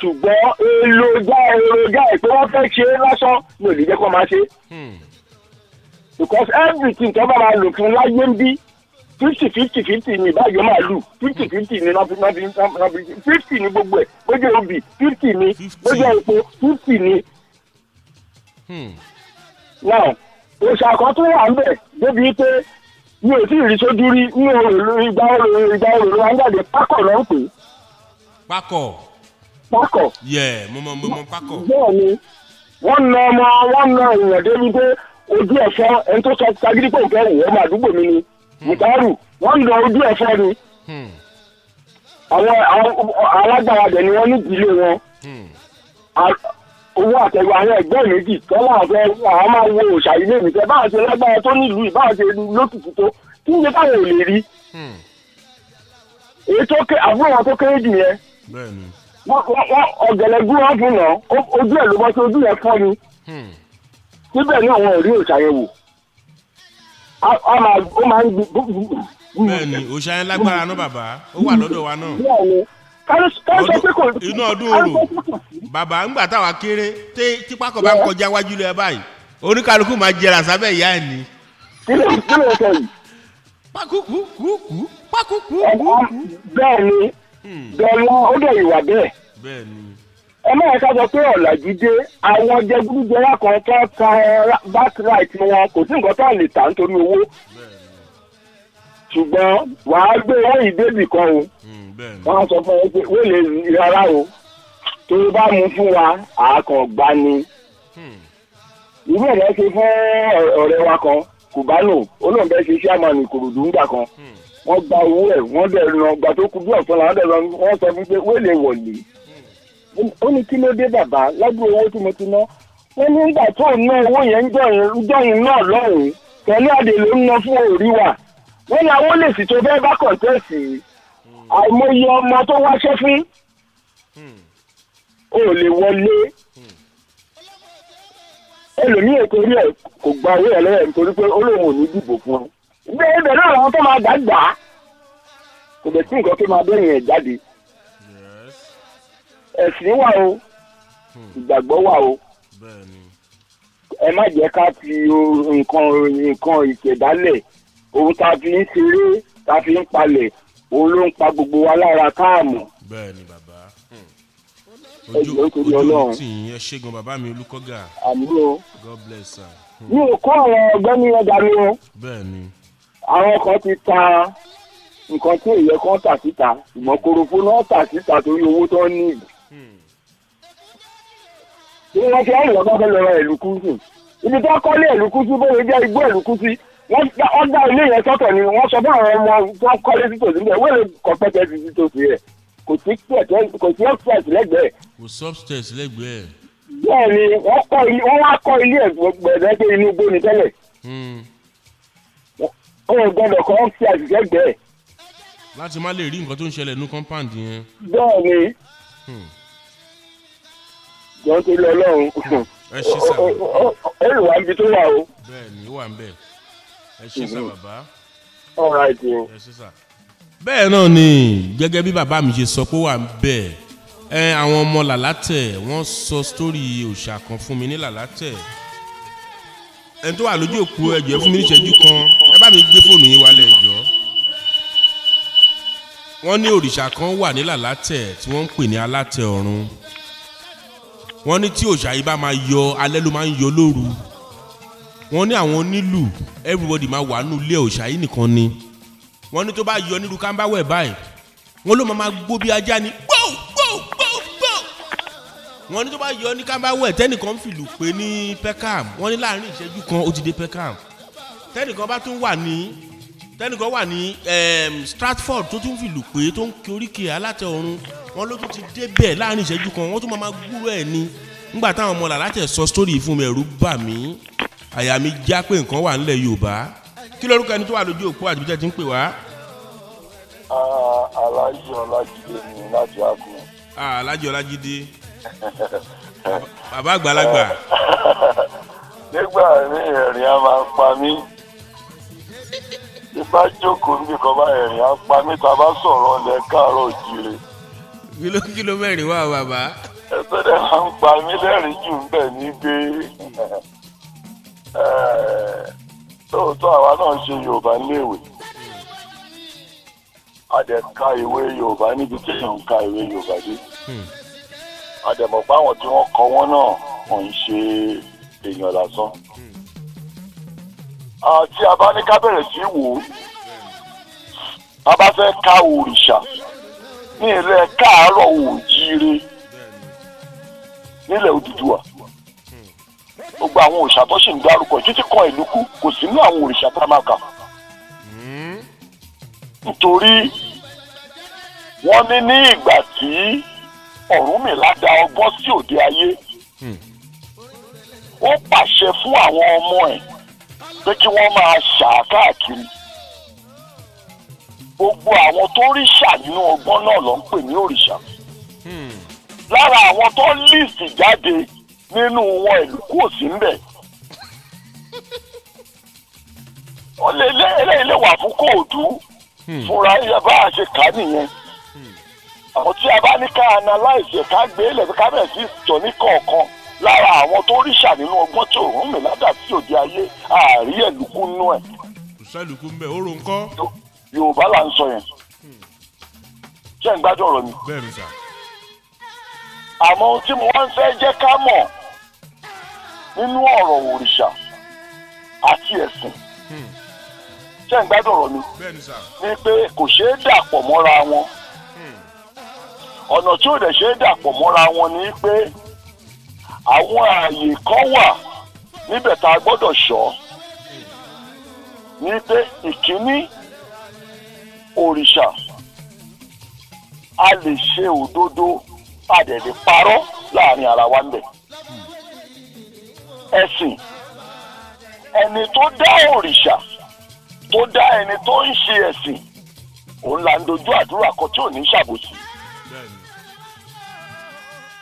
[SPEAKER 2] ṣùgbọ́n èròjà èròjà ìpè wọ́n fẹ́ ṣe lásán ló lè jẹ́ kó máa ṣe. Hmm. because everything tó bá máa lò fún láyé ń bí fifty fifty fifty ni báyọ̀ máa lù fifty fifty ni fifty ni gbogbo ẹ̀ bójú obì fifty ni bójú epo fifty ni. Hmm. now òṣàkọ́ tó wà ń bẹ̀ débi pé mi ò tí ì rí sójú rí ní ìgbà òòrùn ìgbà òòrùn ló wá ń jáde pákọ̀ ló ń pè. pákọ̀. pákọ̀.
[SPEAKER 1] yẹ mo mọ mo mọ pákọ̀.
[SPEAKER 2] bẹ́ẹ̀ ni wọ́n na ọmọ wọ́n na èèyàn débi pé ojú ẹ̀fọ́ ẹni tó sọ tagídí pé òkè ẹ̀wọ̀n ọmọ àdúgbò mi ni. mùtárù wọn ń ojú ẹ̀fọ́ ni hmm. àwọn alágbára ni wọ́n ní ìdílé wọn hmm. owó àtẹ̀wé àwọn ẹgbẹ́ méjì tọ́lá àfẹ́ àwọn máa wo òòṣà ilé mi ṣe lágbára tó nílùú ṣe lókìkí tó kí n ṣe lè rí hmm. àbúrò wọn tó kéré ni síbẹ̀ wọn ò rí ó máa ń gbé.
[SPEAKER 1] bẹ́ẹ̀ni òòṣà yẹn lágbára náà bàbá ó wà lọ́dọ̀ wa náà. inú ọdún orò bàbá ńgbà táwa kéré típákọ̀ bá ń kọjá wájú lẹ́ẹ̀ báyìí oníkálukú máa jẹrà sábẹ́ ìyá ẹ̀ ni. kílẹ̀ kílẹ̀ sọ yìí.
[SPEAKER 2] bẹ́ẹ̀ ni, bẹ́ẹ̀ ni ó dẹ̀ ìwà bẹ́ẹ̀. ẹ má yẹ ká sọ pé ọ̀làjú dé àwọn jẹgúdújẹrá kan tó ta birthright wọn kò sí nǹkan tó lè tà nítorí owó ṣùgbọ́n wàá gbé wọ́n yìí débì kan o hmm, wọ́n á sọ fún ẹ pé wọ́n lè rárá o tó bá mú fún wa àákàn gbá ni hmm. irú ẹ̀rẹ́ ṣe fún ọ̀rẹ́ wa kan kùbánù olóńgbẹ ṣe ṣíàmánì kòròdú ńgbà kan hmm. wọ́n gba owó ẹ̀ wọ́n dẹ̀ ran gbà tó kú bí ọ̀sán làwọn dẹ̀ ran wọ́n sọ fún pé wọ́n lè wọ̀lé ó ní kí ló dé bàbá ládùúgbò owó tí mo ti ná wọn ní nígbà tó ná owó yẹn jọyìn náà lọ́hùn-ún pẹ̀lú àdè ló ń ná fún òórí wa wọn ní àwọn lè sì tó fẹ́ bá kọ̀ǹtẹ́ẹ̀sì àìmọye ọmọ tó wáṣẹ́ fún ó lè wọlé ẹlòmíì torí ẹ kò gba owó ẹ lọ́wọ́ ẹ nítorí pé olóhùn ò ní dìbò fún un bẹ́ẹ̀ bẹ́ẹ̀ náà àwọn tó máa gbàgbà kò bẹ̀ sí nǹkan tó máa bẹ́ẹ̀ yẹn jáde ẹ̀sìn wà o hmm. ìgbàgbọ́ wà o ẹ má jẹ́ ká fi nǹkan nǹkan ìṣẹ̀dálẹ̀ ohun tá a fi ń ṣeré tá a fi ń palẹ̀ òun ló ń pa gbogbo wa lára káàmù.
[SPEAKER 1] bẹ́ẹ̀ni bàbá hmm. ojú ojú tì í ẹ ṣẹ́gun bàbá mi olùkọ́gà. god bless am. Hmm. mi ò kọ́ àwọn ọgbẹ́ni ọjà mi o. bẹ́ẹ̀ni. àwọn kan ti ta nǹkan tí èyẹ kan tà síta
[SPEAKER 2] ìmọ̀kòròfó náà tà síta torí owó tó ń ní ìlú ní wọ́n fi àwọn ọ̀gá fẹ́ lọ ra ìlú kúsù ibi tó kọ́lé ìlú kúsù bóyá jẹ́ igbó ìlú kúsù wọ́n dá ilé yẹn sọ́tọ̀ ni wọ́n sọ fún àwọn ọmọ tó kọ́lé títòsí bẹ́ẹ̀ wọ́n lè kọ́ pẹ́tẹ́ sí títòsí rẹ̀ kò sí upstairs lẹ́gbẹ̀ẹ́.
[SPEAKER 1] kò sí upstairs lẹ́gbẹ̀ẹ́.
[SPEAKER 2] bẹ́ẹ̀ ni wọ́n wá kọ́ ilé ẹ̀ gbẹ̀dẹ́gbẹ́ inú igbó ni tẹ́lẹ̀ ó hmm. gbọ́dọ̀ kọ́ upstairs lẹ́gbẹ̀ẹ́.
[SPEAKER 1] láti má lè rí nǹkan tó ń ṣẹlẹ̀ nínú compound yẹn.
[SPEAKER 2] bẹ́ẹ̀ ni. Hmm jọ ń torí ọlọ́run ó lè wá níbi tó wà o. bẹ́ẹ̀ni ó wà ń bẹ
[SPEAKER 1] ẹ ṣe sá mm-hmm. bàbá. ẹ ṣe sá. bẹ́ẹ̀ náà ni gẹ́gẹ́ bí bàbá mi ṣe sọ pé ó wà ń bẹ ẹ àwọn ọmọ làlátẹ̀ wọ́n sọ sítórì òòṣà kan fún mi ní làlátẹ̀ ẹni tó wà lójú òkú ẹjọ́ fún mi níṣẹ́jú kan ẹ bá mi gbé fóònù yín wálẹ̀ ẹjọ́ wọ́n ní òrìṣà kan wà ní làlátẹ̀ tí wọ́n ń pè ní alátẹ̀ ọ̀run wọ́n ní tí òòṣà yìí bá máa yọ alẹ́ ló máa ń yọ lóru wọ́n ní àwọn onílù everybody máa wà nù ilé òòṣà yìí nìkan ni wọ́n ní tó bá yọ nílùú kámbáwẹ̀ báyìí wọ́n ló máa gbó bí ajá ni gbóò gbóò gbóò gbóò wọ́n ní tó bá yọ ní kámbáwẹ̀ tẹ́nìkan fìlù pé ní peckham wọ́n ní láàrin ìṣẹ́jú kan ó ti dé peckham tẹ́nìkan bá tún wà ní tẹnikọ́ wà ní ehm, Stratford tó tún fìlù pé tó ń kí oríkèé alátẹ ọ̀run wọn ló tún ti débẹ̀ láàrin ìṣẹ́jú kan wọ́n tún máa gbúrò ẹ̀ ni nígbà táwọn ọmọ làlátẹ̀ sọ sítórì fún mi ẹ̀rù bà mí àyà mi já pé nǹkan wà nílẹ̀ Yorùbá kí lórúkọ ẹni tó wà lójú òpó àti ti ń pè wá.
[SPEAKER 2] alájì ọlájídé ni láti àkùn.
[SPEAKER 1] alájì ọlájídé bàbá àgbàlagbà.
[SPEAKER 2] nígbà míì ẹ̀rín á máa pa mí tí bá jókòó níbi kan bá ẹ̀rìn apá níta bá sọ̀rọ̀ ọ̀lẹ́ káàárọ̀ òjìire.
[SPEAKER 1] kìló kìló mẹ́rin wà bàbá. ẹgbẹ́ dẹ̀ máa ń pa mí
[SPEAKER 4] lẹ́rìn jù ń bẹ̀ ní gbé lóòótọ́
[SPEAKER 2] àwa náà ṣe Yorùbá léèwé a dẹ̀ ka ìwé Yorùbá níbi tí èèyàn ń ka ìwé Yorùbá dé hmm. a àwọn tí wọ́n kọ wọ́n náà wọ́n ń ṣe èèyàn lásán. Hmm tí a bá ní ká bẹ̀rẹ̀ sí wò ó a bá fẹ́ ka òrìṣà ní ilẹ̀ káàárọ̀ òjíire nílẹ̀ Odùduwà gbogbo àwọn òrìṣà tó sì ń dárúkọ títí kan ìlú kú kò sí ní àwọn òrìṣà tá a máa kà nítorí wọ́n ní ní ìgbà tí Ọ̀rúnmìlà da ọgbọ́n sí òde ayé ó pàṣẹ fún àwọn ọmọ ẹ̀ pé kí wọ́n máa ṣà káàkiri gbogbo àwọn tó rí ṣà nínú ọgbọ́n náà ló ń pè ní òrìṣà hmm. lára àwọn tó list jáde nínú wọn ìlú kò sí ńbẹ̀ ó lè lé eléyìí lè wà
[SPEAKER 5] fún kóòdù hmm. fúnra
[SPEAKER 2] yẹ bá a ṣe kà nìyẹn hmm. àwọn tí a bá ní ká analyze ẹ̀ ká gbé lẹ̀ ká bẹ̀rẹ̀ sí ìtọ́ ní kọ̀ọ̀kan lára àwọn tó ríṣà nínú ọgbọ́n tó ń mì ládà sí òde ayé àárí ẹ̀lùkù nú ẹ̀.
[SPEAKER 1] kò sẹ́lùkù ń bẹ̀ ó ro nǹkan. yorùbá là ń sọ yẹn ṣé ń gbádùn ọ̀rọ̀ mi. bẹ́ẹ̀ni sà. àmọ́ ohun tí mo wá ń fẹ́ jẹ́ ká mọ̀
[SPEAKER 2] nínú ọ̀rọ̀ òrìṣà àti ẹ̀sìn hmm. ṣé ń gbádùn ọ̀rọ̀ mi. bẹ́ẹ̀ni sà. ni pé kò ṣeé dàpọ̀ mọ́ra wọn hmm. ọ̀nà tí ò dẹ̀ ṣeé dàpọ̀ mọ́ra wọn ni pé. Hmm àwọn ààyè kan wà níbẹ̀ tá a gbọ́dọ̀ ṣọ́ ní pé ìkíní òrìṣà a lè ṣe òdodo a dẹ̀ lè parọ́ láàrin ara wa ńbẹ̀ ẹ̀sìn ẹni tó dá òrìṣà tó dá ẹni tó ń ṣe ẹ̀sìn òun là ń dojú àdúrà kan tí ò ní ṣàbòsí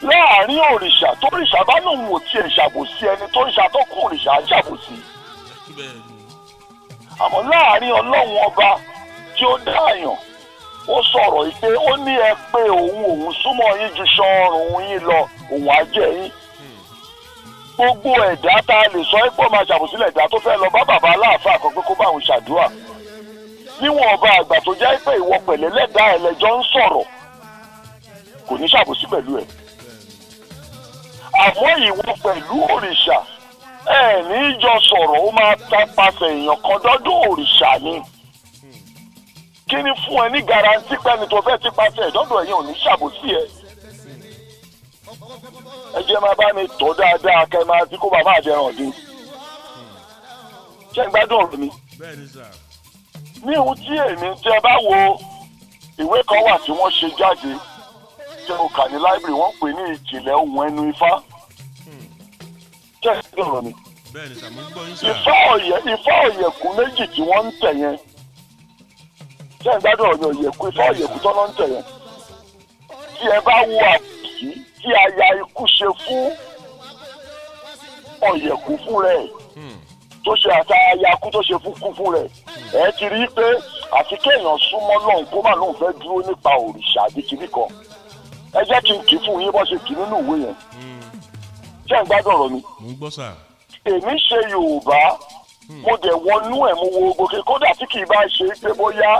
[SPEAKER 2] láàrin òrìṣà tó òrìṣà bá lòun ò tiẹ̀ ṣàbòsí ẹni tó òrìṣà tó òrìṣà ń ṣàbòsí. àmọ́ láàrin ọlọ́run ọba tí ó dáàyàn ó sọ̀rọ̀ pé ó ní ẹ pé òun òun súnmọ́ yín ju ṣan yín lọ òun á jẹ yín. gbogbo ẹ̀dá tá a lè sọ pé ó máa ṣàbòsílẹ̀ ẹ̀dá tó fẹ́ lọ bá bàbá aláàfáà kan pé kó bá òun ṣàdúrà. níwọ̀n ọba àgbà tó jẹ́ pé ìwọ pẹ̀lẹ́lẹ́dàá ẹlẹ́jọ́ ń sọ̀rọ̀ kò ní ṣàbòsí pẹ̀lú ẹ̀ àmọ́ ìwọ pẹ̀lú òrìṣà ẹ ní jọ sọ̀rọ̀ ó máa tapasẹ̀ èèyàn kan dọ́dún òrìṣà ni kí ni fún ẹ ní garanti pẹ́ni tó fẹ́ tipasẹ̀ dọ́dún ẹ̀yìn ò ní ṣàbòsí ẹ ẹ jẹ́ máa bá mi tọ́ dáadáa kẹ́ máa fi kó bàbá àjẹrán dín ṣé ń gbádùn ọ̀rọ̀ mi ní ohun tí èmi tẹ́ bá wo ìwé kan wà tí wọ́n ṣe jáde tí mo kà ní library wọ́n pè ní ìjìnlẹ̀ ohun ẹnu ifá. jẹ́sí ọ̀rọ̀ ni. ifá ọ̀yẹ̀kú méjì tí wọ́n ń tẹ̀ yẹn. ṣé ń gbádùn ọ̀yẹ̀ ọ̀yẹ̀kú ifá ọ̀yẹ̀kú tọ́lọ́ ń tẹ̀ yẹn. tí ẹ bá wo àbùkí tí aya ikú ṣe fún ọ̀yẹ̀kú fún rẹ̀ tó ṣe àtàyà kú tó ṣe fún kú fún rẹ̀ ẹ ti rí i pé àti kéèyàn súnmọ́ lọ́hùn kó má lóun fẹ́ dúró nípa òrìṣà àbí kìíní kan ẹ jẹ́ kí n kì fún yín bó ṣe kì nínú ìwé yẹn ṣé ń gbádùn ọ̀rọ̀ mi. mo ń gbọ́ sà. èmi ṣe yorùbá mo dẹ̀ wọnú ẹ̀ mo wo gòkè kódà tí kì í bá ṣe pé bóyá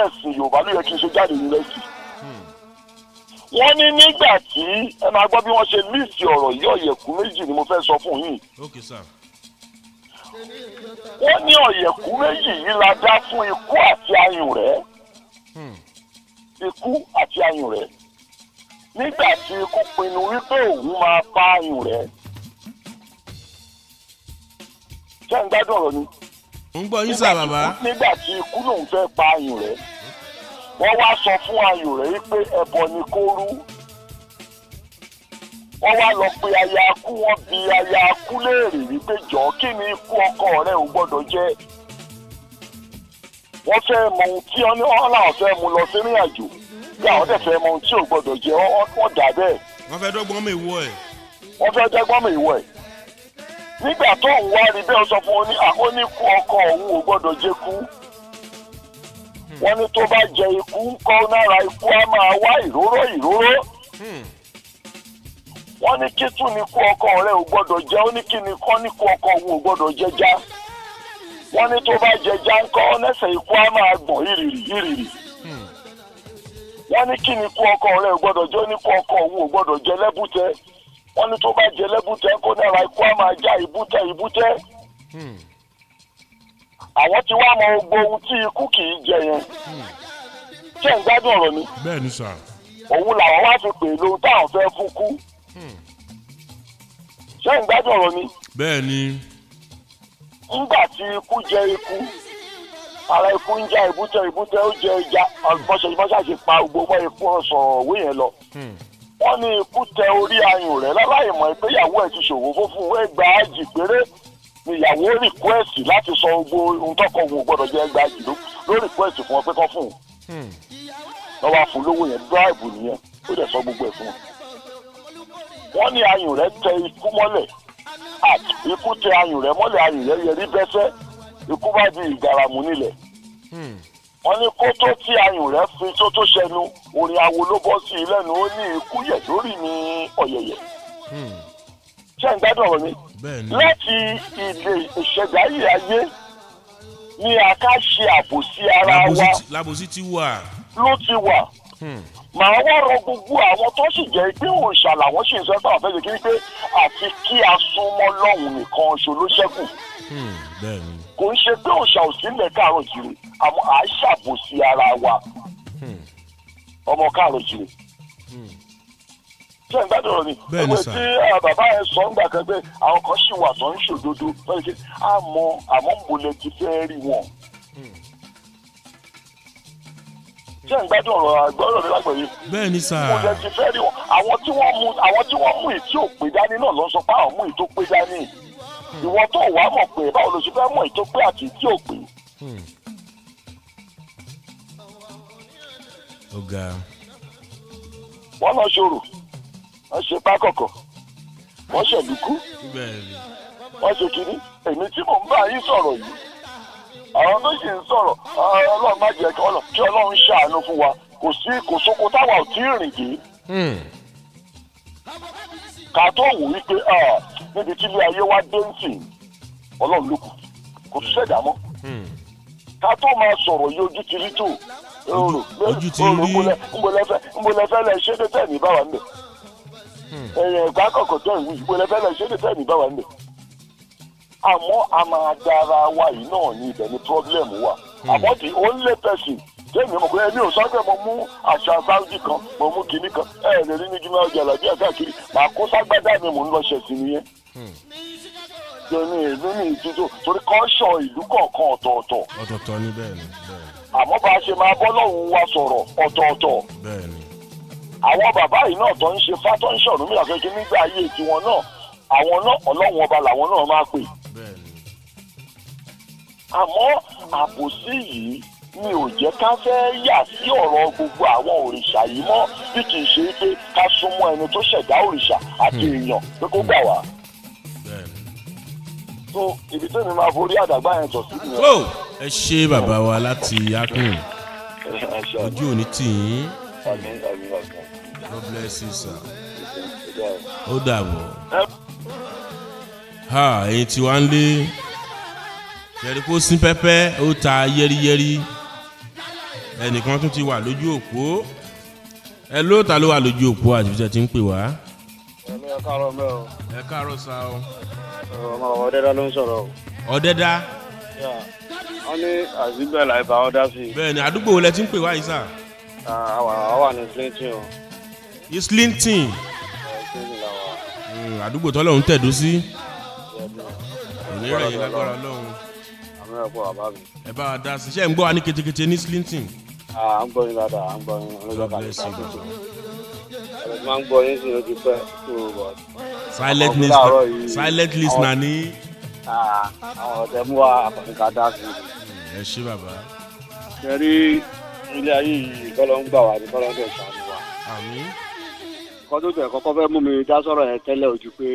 [SPEAKER 2] ẹ̀sìn yorùbá ló yẹ kí n ṣe jáde yunifásitì. wọ́n ní nígbà tí ẹ máa gbọ́ bí wọ́n ṣe líìsì ọ̀rọ̀ yìí ọ̀yẹ̀kú méjì ni mo fẹ́ sọ fún yín. Okay sir wọ́n ní ọ̀yẹ̀kú méjì yìí la dá fún ikú àti ayùn rẹ̀ hmm. ikú àti ayùn rẹ̀ nígbà tí kò pinnu wípé òun máa pààyàn rẹ̀. ṣé ń gbádùn ọ̀rọ̀ ni. ń gbọ́ yín sà bàbá. nígbà tí ikú lòun fẹ́ pààyàn rẹ̀ wọ́n wá sọ fún ayùn rẹ̀ wípé ẹbọ ni kó rú wọ́n wá lọ pé aya akú wọ́n bi aya akú léèrè wípé jọ̀ọ́ kí ni ikú ọkọ rẹ̀ ò gbọ́dọ̀ jẹ́ wọ́n fẹ́ mọ ohun tí wọ́n ní ọ̀là ọ̀fẹ́ mu lọ sínú àjò bí àwọn tẹ̀ mọ ohun tí o gbọdọ jẹ wọ́n dà bẹ́ẹ̀. wọ́n fẹ́ dọ́gbọ́n mi wọ ẹ̀. wọ́n fẹ́ dọ́gbọ́n mi wọ ẹ̀. nígbà tó ń wá rí bẹ́ẹ̀ sọ fún ọ oní àkóníkù ọkọ òun ò gbọdọ̀ jẹ kú. wọ́n ní tó bá jẹ ikú ń kọ́ náírà ikú á máa wá ìróró ìróró. Hmm. wọ́n ní kí tún ní kú ọkọ rẹ̀ ò gbọdọ̀ jẹ ó ní kí ni kọ́ ní kú ọkọ òun ò gbọdọ̀ jẹ já. wọ́n ní tó bá jẹ já ń kọ́ nẹ́sẹ̀ ikú á máa gbọ̀n ìrìrì ìrìrì. Hmm. wọ́n ní kí ni kú ọkọ rẹ ò gbọ́dọ̀ jẹ́ ní ọkọ òun ò gbọ́dọ̀ jẹ lẹ́bùtẹ́ wọ́n ní tó bá jẹ lẹ́bùtẹ́ kó dára ikú á já ìbútẹ́ ìbútẹ́. Hmm. àwọn tí wàá mọ gbogbo ohun tí ikú kì í jẹ yẹn. Hmm. ṣé ń gbádùn ọ̀rọ̀ mi. bẹ́ẹ̀ni sà. òun làwọn wá fi pè lóhun táwọn fẹ́ fún kú. Hmm. ṣé ń gbádùn ọ̀rọ̀ mi. bẹ́ẹ̀ni. nígbà tí ikú jẹ ikú ara ikú ń já ìbútẹ ìbútẹ ó jẹ ìjà ọ̀bọ̀sẹ̀ ìbọ̀sẹ̀ ti pa gbogbo ikú ọ̀sán òwe yẹn lọ. Hmm. wọ́n ní ikú tẹ orí ayùn rẹ̀ láláìmọ̀ ìgbéyàwó ẹ̀ ti ṣòwò fún fún ẹgbà ájì péré níyàwó rìkwẹ́sì láti sọ gbogbo ohun tọkọ òun gbọ́dọ̀ jẹ́ ẹgbà ájì ló rìkwẹ́sì fún ọ pé kọ́ fún un. lọ́wọ́ hmm. àfúlówó yẹn
[SPEAKER 5] dráìbù nìyẹn ó dẹ̀ sọ gbogbo ẹ̀ fún un.
[SPEAKER 2] wọ́n ní ayùn rẹ̀ tẹ ikú mọ́lẹ̀ ikú tẹ ayùn rẹ̀ mọ́lẹ̀ ayùn rẹ̀ yẹrí bẹ́sẹ́ ikú bá di ìgbàramù nílẹ̀ hmm. wọ́n ní kó tó tí ayùn rẹ̀ fi tó tó ṣẹnu orin awo ló bọ́ sí i lẹ́nu ó ní ikú yẹ̀ lórí mi ọ̀yẹ̀yẹ̀ hmm. ṣé ń gbádùn ọ̀rọ̀ mi láti ìdè ìṣẹ̀dáyé ayé ni a ká ṣe àbòsí ara wa
[SPEAKER 1] lábòsí ti wà
[SPEAKER 2] ló ti wà hmm màá wá rọ gbogbo àwọn tó sì jẹ́ pé òòṣà làwọn sì ń sẹ́ńtà àfẹ́ yìí kiri pé àti kí a súnmọ́ lọ́hùn nìkan ṣo ló ṣẹ́kù. Hmm, kò ń ṣe pé òòṣà ò sí ilẹ̀ káàrọ̀ jìrì àmọ́ à ń ṣàbòsí ara wa hmm. ọmọ káàrọ̀ jìrì. Hmm. ṣé ẹ̀ ń gbádùn ọ̀rọ̀ ni ọmọ tí ah, bàbá ẹ sọ ń gbà kan pé àwọn kan ṣì wà tó ń ṣòdodo àmọ́ àmọ́ ń bolẹ̀ ti fẹ́ rí wọn ṣé ń gbádùn ọ̀rọ̀ àgbọ̀rọ̀ mi lágbẹ̀ẹ́ yìí.
[SPEAKER 1] bẹ́ẹ̀ni sà. mo jẹ ti
[SPEAKER 2] fẹ́ rí àwọn tí wọ́n mú àwọn tí wọ́n mú yìí tí ò pé dání náà lọ sọ pé àwọn mú yìí tó pé dání ìwọ tó wàá mọ̀ pé báwo ló ṣe fẹ́ mọ̀ yìí tó pé àti tí ò pé. wọ́n lọ ṣòro wọ́n ṣe pákọ̀kọ̀ wọ́n ṣẹ̀dúkú wọ́n ṣe kiri èmi tí mò ń bá yín sọ̀rọ̀ yìí àwọn tó sì ń sọ̀rọ̀ ọlọ́run má jẹ́ kí ọlọ́run ṣàánú fún wa kò sí kò sóko táwa ò tí ì rìn dé. Hmm. ká tó wò wípé ah, níbi tí ilé ayé wa dé ń sìn ọlọ́run ló kù kò tún ṣẹ̀dá mọ́. Hmm. ká tó máa sọ̀rọ̀ yí ojú ti rí tó
[SPEAKER 1] ojú ti rí
[SPEAKER 2] nbọlẹfẹ lẹ ṣé tẹ ní báwa ń bẹ hmm. ẹyẹ ìgbà kọkọ tẹ ìwé nbọlẹfẹ lẹ ṣé tẹ ní báwa ń bẹ àmọ́ a máa dára wa yìí náà ní ibẹ̀ ni problem wà hmm. àmọ́ the only person jẹ́mi mọ̀ pé ẹni ò sọ pé mo mú àṣà sáúdì kan mo mú kinní kan ẹ lè rí ní jimá ọjà àlàbí àkàkiri màá kó ságbádá mi mò ń lọ ṣẹ̀sìn nìyẹn. Hmm. jẹ́mi ìlú ní ìtútù torí kọ́ńṣọ̀ ìlú kọ̀ọ̀kan ọ̀tọ̀ọ̀tọ̀.
[SPEAKER 1] ọ̀tọ̀ọ̀tọ̀ ni bẹ́ẹ̀ ni.
[SPEAKER 2] àmọ́ bá a ṣe máa bọ́ lọ́hùn wa sọ̀rọ̀ ọ̀tọ̀ọ̀tọ̀. bẹ́ẹ̀ ni. àwọn bàbá yìí náà tó ń ṣe fátọ́ńṣọ̀rùmí àfẹ́kí nígbà ayé tiwọn náà àwọn náà ọlọ́run ọba làwọn náà máa pè àmọ́ àbòsí yìí mi ò jẹ́ ká fẹ́ yà sí ọ̀rọ̀ gbogbo àwọn òrìṣà yìí mọ́ bí kì í ṣe pé ká súnmọ́ ẹni tó ṣẹ̀dá òrìṣà àti hmm. èèyàn pé kó gbà wá. so ibi tó mi máa forí àdàgbà yẹn tọ̀ sí mi.
[SPEAKER 1] ẹ ṣe bàbá wa láti akun ojú òní tì yín god bless you sir ó dàbọ̀ ha èyí tí wàá ń lé yẹriko sín pẹ́pẹ́ ó ta yẹ́rìyẹ́rì ẹnìkan tún ti wà lójú òpó ẹ ló ta ló wà lójú òpó àtúntò tí ń pè wá. ẹ̀mí ẹ káàárọ̀ mẹ́ o. ẹ káàárọ̀ sa o. ọmọ ọ̀dẹ́dá ló ń sọ̀rọ̀ o. ọ̀dẹ́dá. ní àzígbẹ́ láì bá sí i. bẹ́ẹ̀ni àdúgbò lẹ ti ń pè wá yìí sà. àwa àwa ní Islington o. Islington. Hmm, àdúgbò tọ́lọ́run tẹ̀dó sí. ẹ̀mí yìí lágbára lọ́hùn ẹ bá a dá sí iṣẹ́ ń gbọ́ wa ní ketekete ní Slinton. à ń gbọ́ yín dáadáa à gbọ́ yín ọlọ́dọ̀ ní sáfù
[SPEAKER 2] tó. máa ń gbọ́ yín sí ojú pẹ́ tó o bọ̀. silent listener silent listener ní. àwọn ọ̀tẹ̀ mú wa àfààní ká dá sí ẹ ṣí bàbá. ṣe ilé ayé yìí kọ́lọ́ ń gbà wá ní kọ́lọ́ ń tẹ̀ sàmù wa. àmín nǹkan tó tẹ̀ kọ́kọ́ fẹ́ mú mi dá sọ̀rọ̀ yẹn tẹ́lẹ̀ ojú pé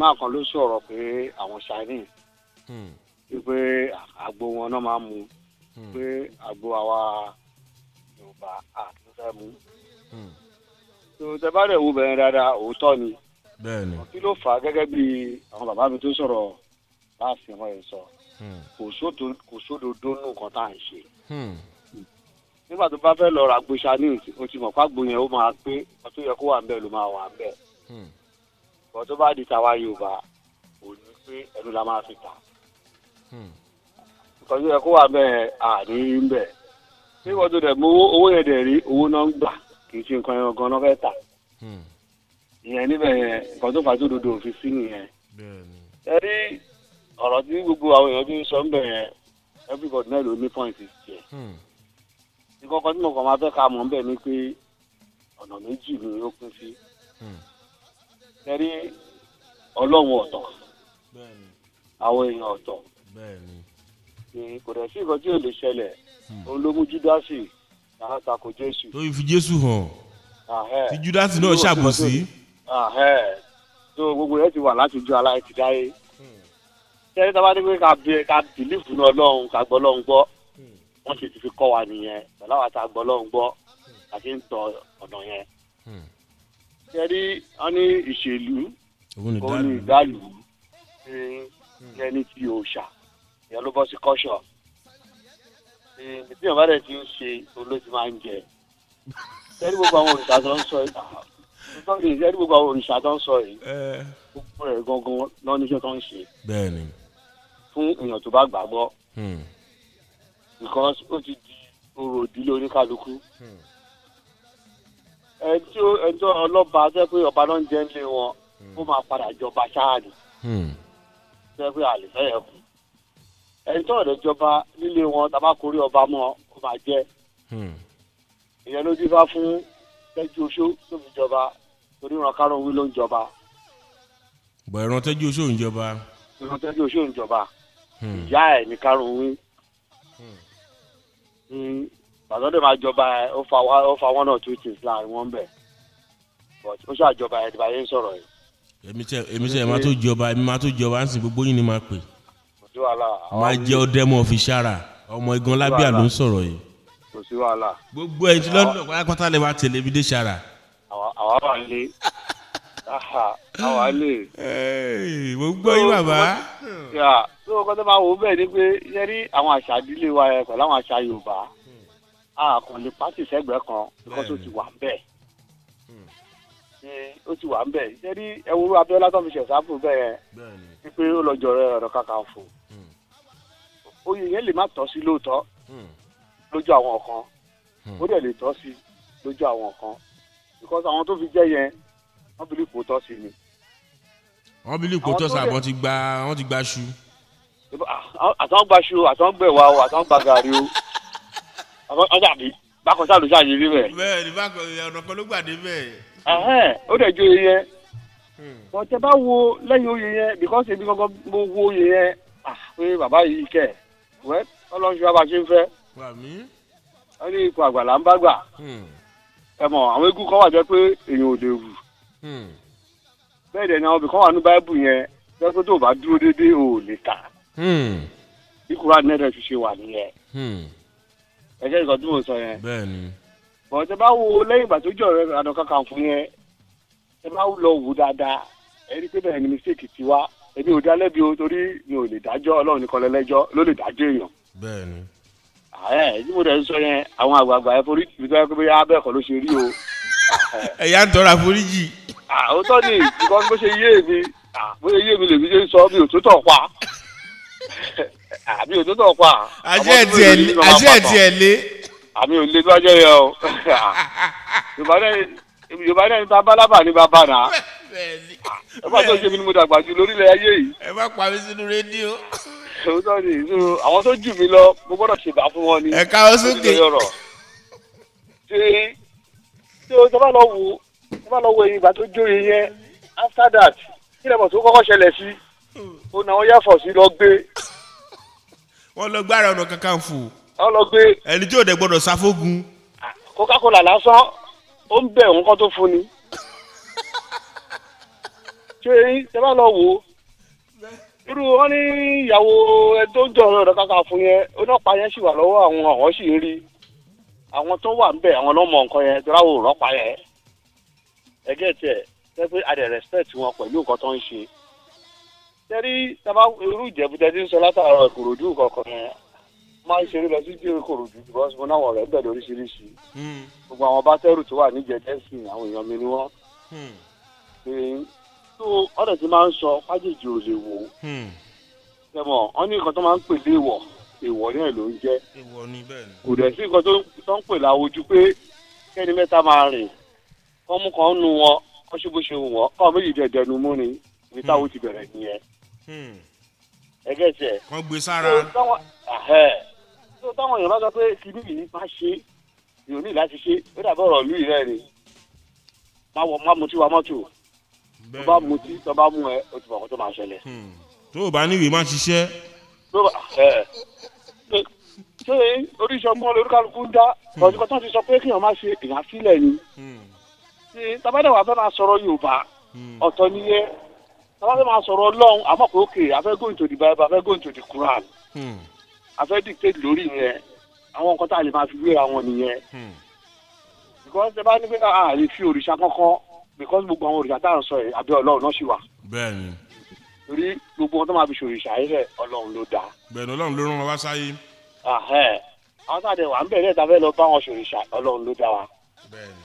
[SPEAKER 2] máa kan ló sọ̀rọ̀ pé àwọn chinese hmm wípé àgbo wọn náà máa mu hmm. pé àgbo àwa yorùbá àti fẹ́ mu. tó hmm. tẹ bá rẹ̀ wo bẹ̀rẹ̀ dáadáa òótọ́ ni kí ló fà á gẹ́gẹ́ bí àwọn bàbá mi tó sọ̀rọ̀ láàfin wọn yẹn sọ hmm. kò sódodo nù kan tá à ń ṣe nígbà tó bá fẹ́ lọ ra gbèsà ní ìsìn o ti mọ̀ pàgbò yẹn ó máa pé ọ tó yẹ kó wà ń bẹ̀ ló máa wà ń bẹ̀. ọ̀ tó bá di tàwa Yorùbá ò pé ẹnu la máa fi tà. nǹkan tó yẹ kó wà bẹ́ẹ̀ àárín ń bẹ̀ ṣé tó mú owó yẹn rí owó náà gbà kì
[SPEAKER 4] í ṣe nǹkan yẹn gan-an fẹ́ tà hmm.
[SPEAKER 2] ìyẹn níbẹ̀ yẹn nǹkan tó fàájú òfin sí nìyẹn ẹ rí gbogbo àwọn èèyàn ń sọ ń bẹ̀ yẹn everybody point ìkọ̀kọ̀ hmm. tí mo kàn máa fẹ́ ka mọ̀ ń bẹ̀ ni pé ọ̀nà méjì ni ó sí hmm. ẹ rí ọlọ́run ọ̀tọ̀ bẹ́ẹ̀ni. Hmm, kò dẹ̀ sí nǹkan tí ò lè ṣẹlẹ̀ hmm. òun ló mú júdásì náà tako jésù. tó
[SPEAKER 1] fi jésù hàn
[SPEAKER 2] tí júdásì náà ṣàbòsí. tó gbogbo rẹ ti wà láti ju aláì ti dáyé. sẹ́ni hmm. tá a bá ní pé ká bẹ ká bìlífù náà lọ́hùn ká gbọ́ lọ́hùn gbọ́ wọ́n sì ti fi kọ́ wa nìyẹn pẹ̀lú àwọn tá a gbọ́ lọ́hùn gbọ́ àti ń tọ ọ̀nà yẹn. sẹ́ni wọ́n ní ìṣèlú òun ìdálù ẹni tí o ṣà ìyẹn ló bọ́ sí kọ́ṣọ̀ ìpínlẹ̀ bàdẹ̀ ti ń ṣe olóòtú máa ń jẹ ẹni gbogbo àwọn òrìṣà tó ń sọ yìí ẹni gbogbo àwọn òrìṣà tó ń sọ yìí gbogbo rẹ̀ gangan lọ́níṣẹ́ tó ń ṣe fún èèyàn tó bá gbàgbọ́ hmm. because ó ti di orò ìdílé oníkálukú ẹjọ hmm. ẹjọ ọlọ́ba jẹ pé ọba náà ń jẹ ń lé wọn hmm. ó máa padà jọba ṣáà ni jẹ pé àlè fẹ́ yẹ kù ẹni tó ọ̀dọ̀ jọba nílé wọn tàbá korí ọba mọ́ ọ máa jẹ́ hmm. ìyẹn ló dífá fún tẹ́jú oṣó tó fi jọba torí wọn kárọ̀ wí ló ń jọba.
[SPEAKER 1] bọ̀ ẹ̀rọ tẹ́jú oṣó ń jọba.
[SPEAKER 2] ẹ̀rọ tẹ́jú oṣó ń jọba hmm. ìyá ẹ̀ hmm. ní kárọ̀ wí
[SPEAKER 4] bàtọ́dẹ̀ máa jọba ẹ̀ ó fa one or two things láàrin wọn bẹ̀ but ó ṣàjọba ẹ̀ dìbàyẹ̀ ń sọ̀rọ̀ ẹ̀.
[SPEAKER 1] èmi tẹ èmi tẹ ẹ máa tó jọba èmi máa tó jọba ń sìn gbogbo yín ni máa pè sí wàhálà. máa jẹ ọdẹ mọ fi ṣára ọmọ igan lábíà ló ń sọ̀rọ̀ yìí. kò sí wàhálà. gbogbo ẹ̀ tí lọ́dún ọ̀pá pátá lè wá tẹ̀lé mi dé ṣára.
[SPEAKER 2] àwa wà lé àwa lè.
[SPEAKER 1] mo gbọ́ yín bàbá.
[SPEAKER 2] tó o kọ́ tó máa wò ó bẹ́ẹ̀ ni pé yẹn ní àwọn àṣà ìdílé wa ẹ̀ pẹ̀lú àwọn àṣà Yorùbá àkànlé pàṣẹ sẹ́gbẹ̀ẹ́ kan kó tó ti wà bẹ́ẹ̀ ó ti wà ń bẹ̀ ṣé rí ẹwúrú abiola tó fi ṣẹ̀sáfù bẹ́ẹ̀ ni pé ó lọ jọ̀rọ̀ ẹ̀rọ kàkàǹfò oyè yẹn lè má tọ́ sí lóòótọ́ hmm. lójú àwọn kan hmm. ó dẹ̀ lè tọ́ sí lójú àwọn kan because àwọn tó fi jẹ́ yẹn wọ́n bìlì kò tọ́ sí ni.
[SPEAKER 1] wọ́n bìlì kò tọ́ sí àbọ̀ ti gba wọ́n ti gba ṣu.
[SPEAKER 2] àtàwọn gba ṣu àtàwọn gbẹ̀wà o àtàwọn gba gàrí o àwọn dàbí bákan sáà ló ṣáà yiri bẹ́ẹ̀.
[SPEAKER 1] bẹ́ẹ̀ ni bákan ọ̀nà kan ló gbà dé bẹ́ẹ̀. ó dẹ̀ ju oyè yẹn wọ́n hmm.
[SPEAKER 2] tẹ bá wo lẹ́yìn oyè yẹn because ebi gangan mo wo oyè yẹn ah, pé bàbá yìí kẹ́ ẹ̀ wẹ́ ọlọ́run ṣe wá bá ṣe ń fẹ́. wọ́n ní ikú àgbàlá ń bá gbà. Hmm. ẹ mọ̀ àwọn eégún kan wà jẹ́ pé èèyàn ò lè wù. Hmm. bẹ́ẹ̀ dẹ̀ ni àwọn ibìkan wà ní báíbù yẹn jẹ́ pé tó o bá dúró déédéé o ò lè kà. Hmm. bí kúránì náà ti ṣe wà nìyẹn. ẹ jẹ́ nǹkan tí mo sọ yẹn. bẹ́ẹ̀ni. bọ̀ tẹ́ bá wo lẹ́yìn ìgbà tó jọ rẹ̀ Ààrẹ Ọ̀nà Kakanfò yẹn tẹ́ bá lọ wò dáadáa ẹ rí pé bẹ́ẹ̀ ni mistake ti wá èmi ò dá o torí mi ò lè dájọ́ ọlọ́run nìkan lẹ́lẹ́jọ́ ló lè dájọ́ èèyàn. bẹ́ẹ̀ni. ẹ tí mo dẹ̀ ń sọ yẹn àwọn àgbààgbà ẹ forí jì tó yẹ pé abẹ́ ẹ̀kọ́ ló ṣe rí o. ẹ̀yà ń tọrọ àforíjì. àwòtọ́ ni ìkọ́ bó ṣe yé mi bó ṣe yé mi lèmi ṣe ń sọ mi ò tó tọ̀ pa àbí ò tó tọ̀ pa. àṣẹ ẹ̀ tiẹ̀ lé. àmì ò lé tó wájú ẹ̀ o. yorùbá náà ní babalábà ní bẹ́ẹ̀ni. ẹ bá tó ṣe mi ni mo dàgbà jù lórílẹ̀ ayé yìí. ẹ bá pa mi sínú rédíò. òótọ́ ni àwọn tó jù mí lọ mo gbọ́dọ̀ ṣègbà fún wọn ni. ẹ káwọ́ ṣé ṣé o sábà lọ wo sábà lọ wo ẹyin ìgbà tó jó yẹn yẹn after that kí lè mọ̀ tó kọ́kọ́
[SPEAKER 1] ṣẹlẹ̀ sí o náà wọ́n yà fọ̀ sí lọ gbé. wọ́n lọ gbára ọ̀nà kankan fò. wọ́n lọ gbé. ẹni tí ò dẹ̀ gbọ́dọ̀ sáfógun.
[SPEAKER 2] Ah, Coca-Cola lásán ó ń bẹ̀ òun kọ́ tó fún ni. ṣé ṣe bá lọ wò ó irú wọn ní ìyàwó ẹjọ ń jọrọ ọdọ fún yẹn yẹn sì wà lọwọ àwọn àwọn sì ń rí àwọn tó wà ń àwọn lọmọ nǹkan yẹn dúráwò yẹn ẹgẹ tiẹ wọn pẹlu nǹkan tó ń ṣe irú ń sọ ìkòròdú yẹn máa ń lọ sí ìkòròdú hmm. wà àwọn èèyàn mi ni so ọ̀rẹ́ ti máa ń sọ fájèjì ò lè wò ó tẹmọ hmm. wọn ní nǹkan tó máa ń pè léèwọ̀ èèwọ̀ náà ló ń jẹ́ kò dẹ̀ sí nǹkan tó ń pè láwojú pé kẹ́ni mẹ́ta máa rìn kọ́ kan nu wọn kọ́ ṣe bó ṣe wù wọ́n kọ́ méjì dẹ̀dẹ̀ nu mú ni ibi táwọn hmm. ti bẹ̀rẹ̀ nìyẹn hmm. ẹgẹ́ tiẹ̀ kan gbé sára tó táwọn èèyàn bá sọ pé kìíní yìí wọ má wa mọ́tò tó bá mutí tó bá mú ẹ o ti mọ̀ tó máa ṣẹlẹ̀.
[SPEAKER 1] Hmm. tó o bá níwèé má ṣiṣẹ́.
[SPEAKER 2] tó bá ẹ ṣe oríṣi ọgbọ́n lórúkálukú ń dá hmm. ọ̀dùnkọ́ tó ti sọ pé kéèyàn má ṣe èèyàn ni. Hmm. ṣe tabadà wà fẹ́ máa sọ̀rọ̀ Yorùbá ọ̀tọ̀ niyẹ tabadà máa sọ̀rọ̀ Ọlọ́run àmọ́ pé afẹ́ go into the afẹ́ go into afẹ́ dictate lórí yẹn àwọn nǹkan tá a lè máa fi wéra wọn nìyẹn. because because gbogbo àwọn òrìṣà tá à ń sọ yìí àbí ọlọ́run náà sì wà. bẹ́ẹ̀ni. torí gbogbo wọn tó máa fi ṣòrìṣà yìí rẹ ọlọ́run ló dáa.
[SPEAKER 1] bẹ́ẹ̀ni ọlọ́run ló rán wa wá sáyé.
[SPEAKER 2] àwọn sáà dẹ̀ wà ń bẹ̀rẹ̀ ìtafẹ́ lọ bá wọn ṣòrìṣà ọlọ́run ló dá wa. bẹ́ẹ̀ni.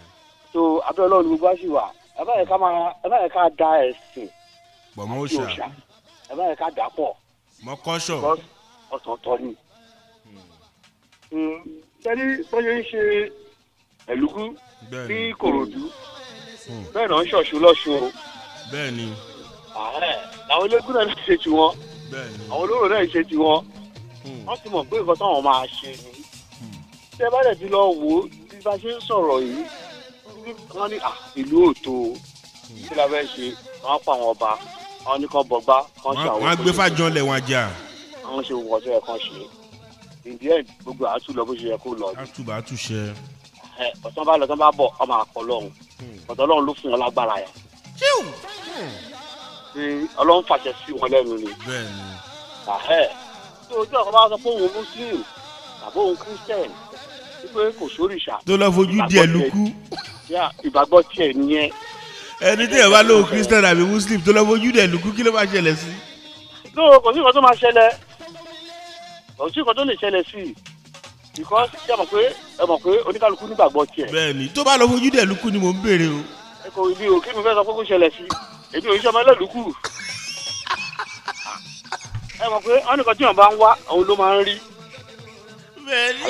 [SPEAKER 2] so àbí ọlọ́run gbogbo wa sì wà ẹ bá yẹ ká da ẹ̀sìn. pọ̀ mọ́ òṣà ẹ bá yẹ ká dà pọ̀. mọ kọ́ṣọ̀. ọ̀tọ̀ọ̀tọ̀ ni. sẹ́ni hmm. bọ́yẹ̀ ń ṣe ẹ̀lúkú ní Ìkòròdú. Hmm. bẹ́ẹ̀ náà ń ṣọ̀ṣù lọ́ṣù o. bẹ́ẹ̀ ni. àwọn ológun náà ṣe tiwọn àwọn olóró náà ṣe tiwọn hmm. wọ́n ti mọ̀ pé nǹkan táwọn máa ṣe ni. Hmm. tẹ́ bá dẹ̀ ti lọ wò ó bí bá ṣe ń sọ̀rọ̀ yìí wọ́n ní ìlú òtò kí la fẹ́ ṣe wọ́n pa àwọn ọba wọ́n ní kàn bọ̀gbá kàn ṣe àwọn. wọ́n á gbé fàjọ lẹ̀ wọ́n ajá. wọ́n ṣe wọ́n tó yẹ kàn ṣe ìdí ẹ̀ gbogbo àtúlọ bó ṣe yẹ kó lọ.
[SPEAKER 1] àtúbà àtúṣe.
[SPEAKER 2] ọ̀sán bá lọ sán bá bọ̀ ọmọ àkọlọ́hún ọ̀dọ̀ ọlọ́run ló fún wọn lágbára yẹn. ṣé ọlọ́run fàṣẹ sí
[SPEAKER 1] wọn lẹ́nu ni. bẹ́ẹ̀ni.
[SPEAKER 2] tí ojú ọ̀kan bá sọ pé òun muslim tàbí òun christian wípé kò sóríṣà. tó lọ fojú díẹ̀ lukú. ìgbàgbọ́ tiẹ̀ nìyẹn.
[SPEAKER 1] ẹni tí yẹn bá lóun christian àbí muslim tó lọ fojú díẹ̀ lukú kí ló máa ṣẹlẹ̀ sí.
[SPEAKER 2] lóò kò sí nǹkan tó máa ṣẹlẹ̀ kò sí nǹkan tó lè ṣẹlẹ̀ sí i because ṣé mọ̀ pé ẹ mọ̀ pé oníkálukú nígbàgbọ́ tiẹ̀. bẹ́ẹ̀ni
[SPEAKER 1] tó bá lọ fojú dẹ lukú ni mò ń béèrè o.
[SPEAKER 2] ẹ kò ibi o kí ni mo fẹ́ sọ pé kó ṣẹlẹ̀ sí èmi ò ń ṣọmọ ẹlẹ́lùkù. ẹ mọ̀ pé àwọn nìkan tí wọn bá ń wá òun ló máa ń rí. bẹ́ẹ̀ni.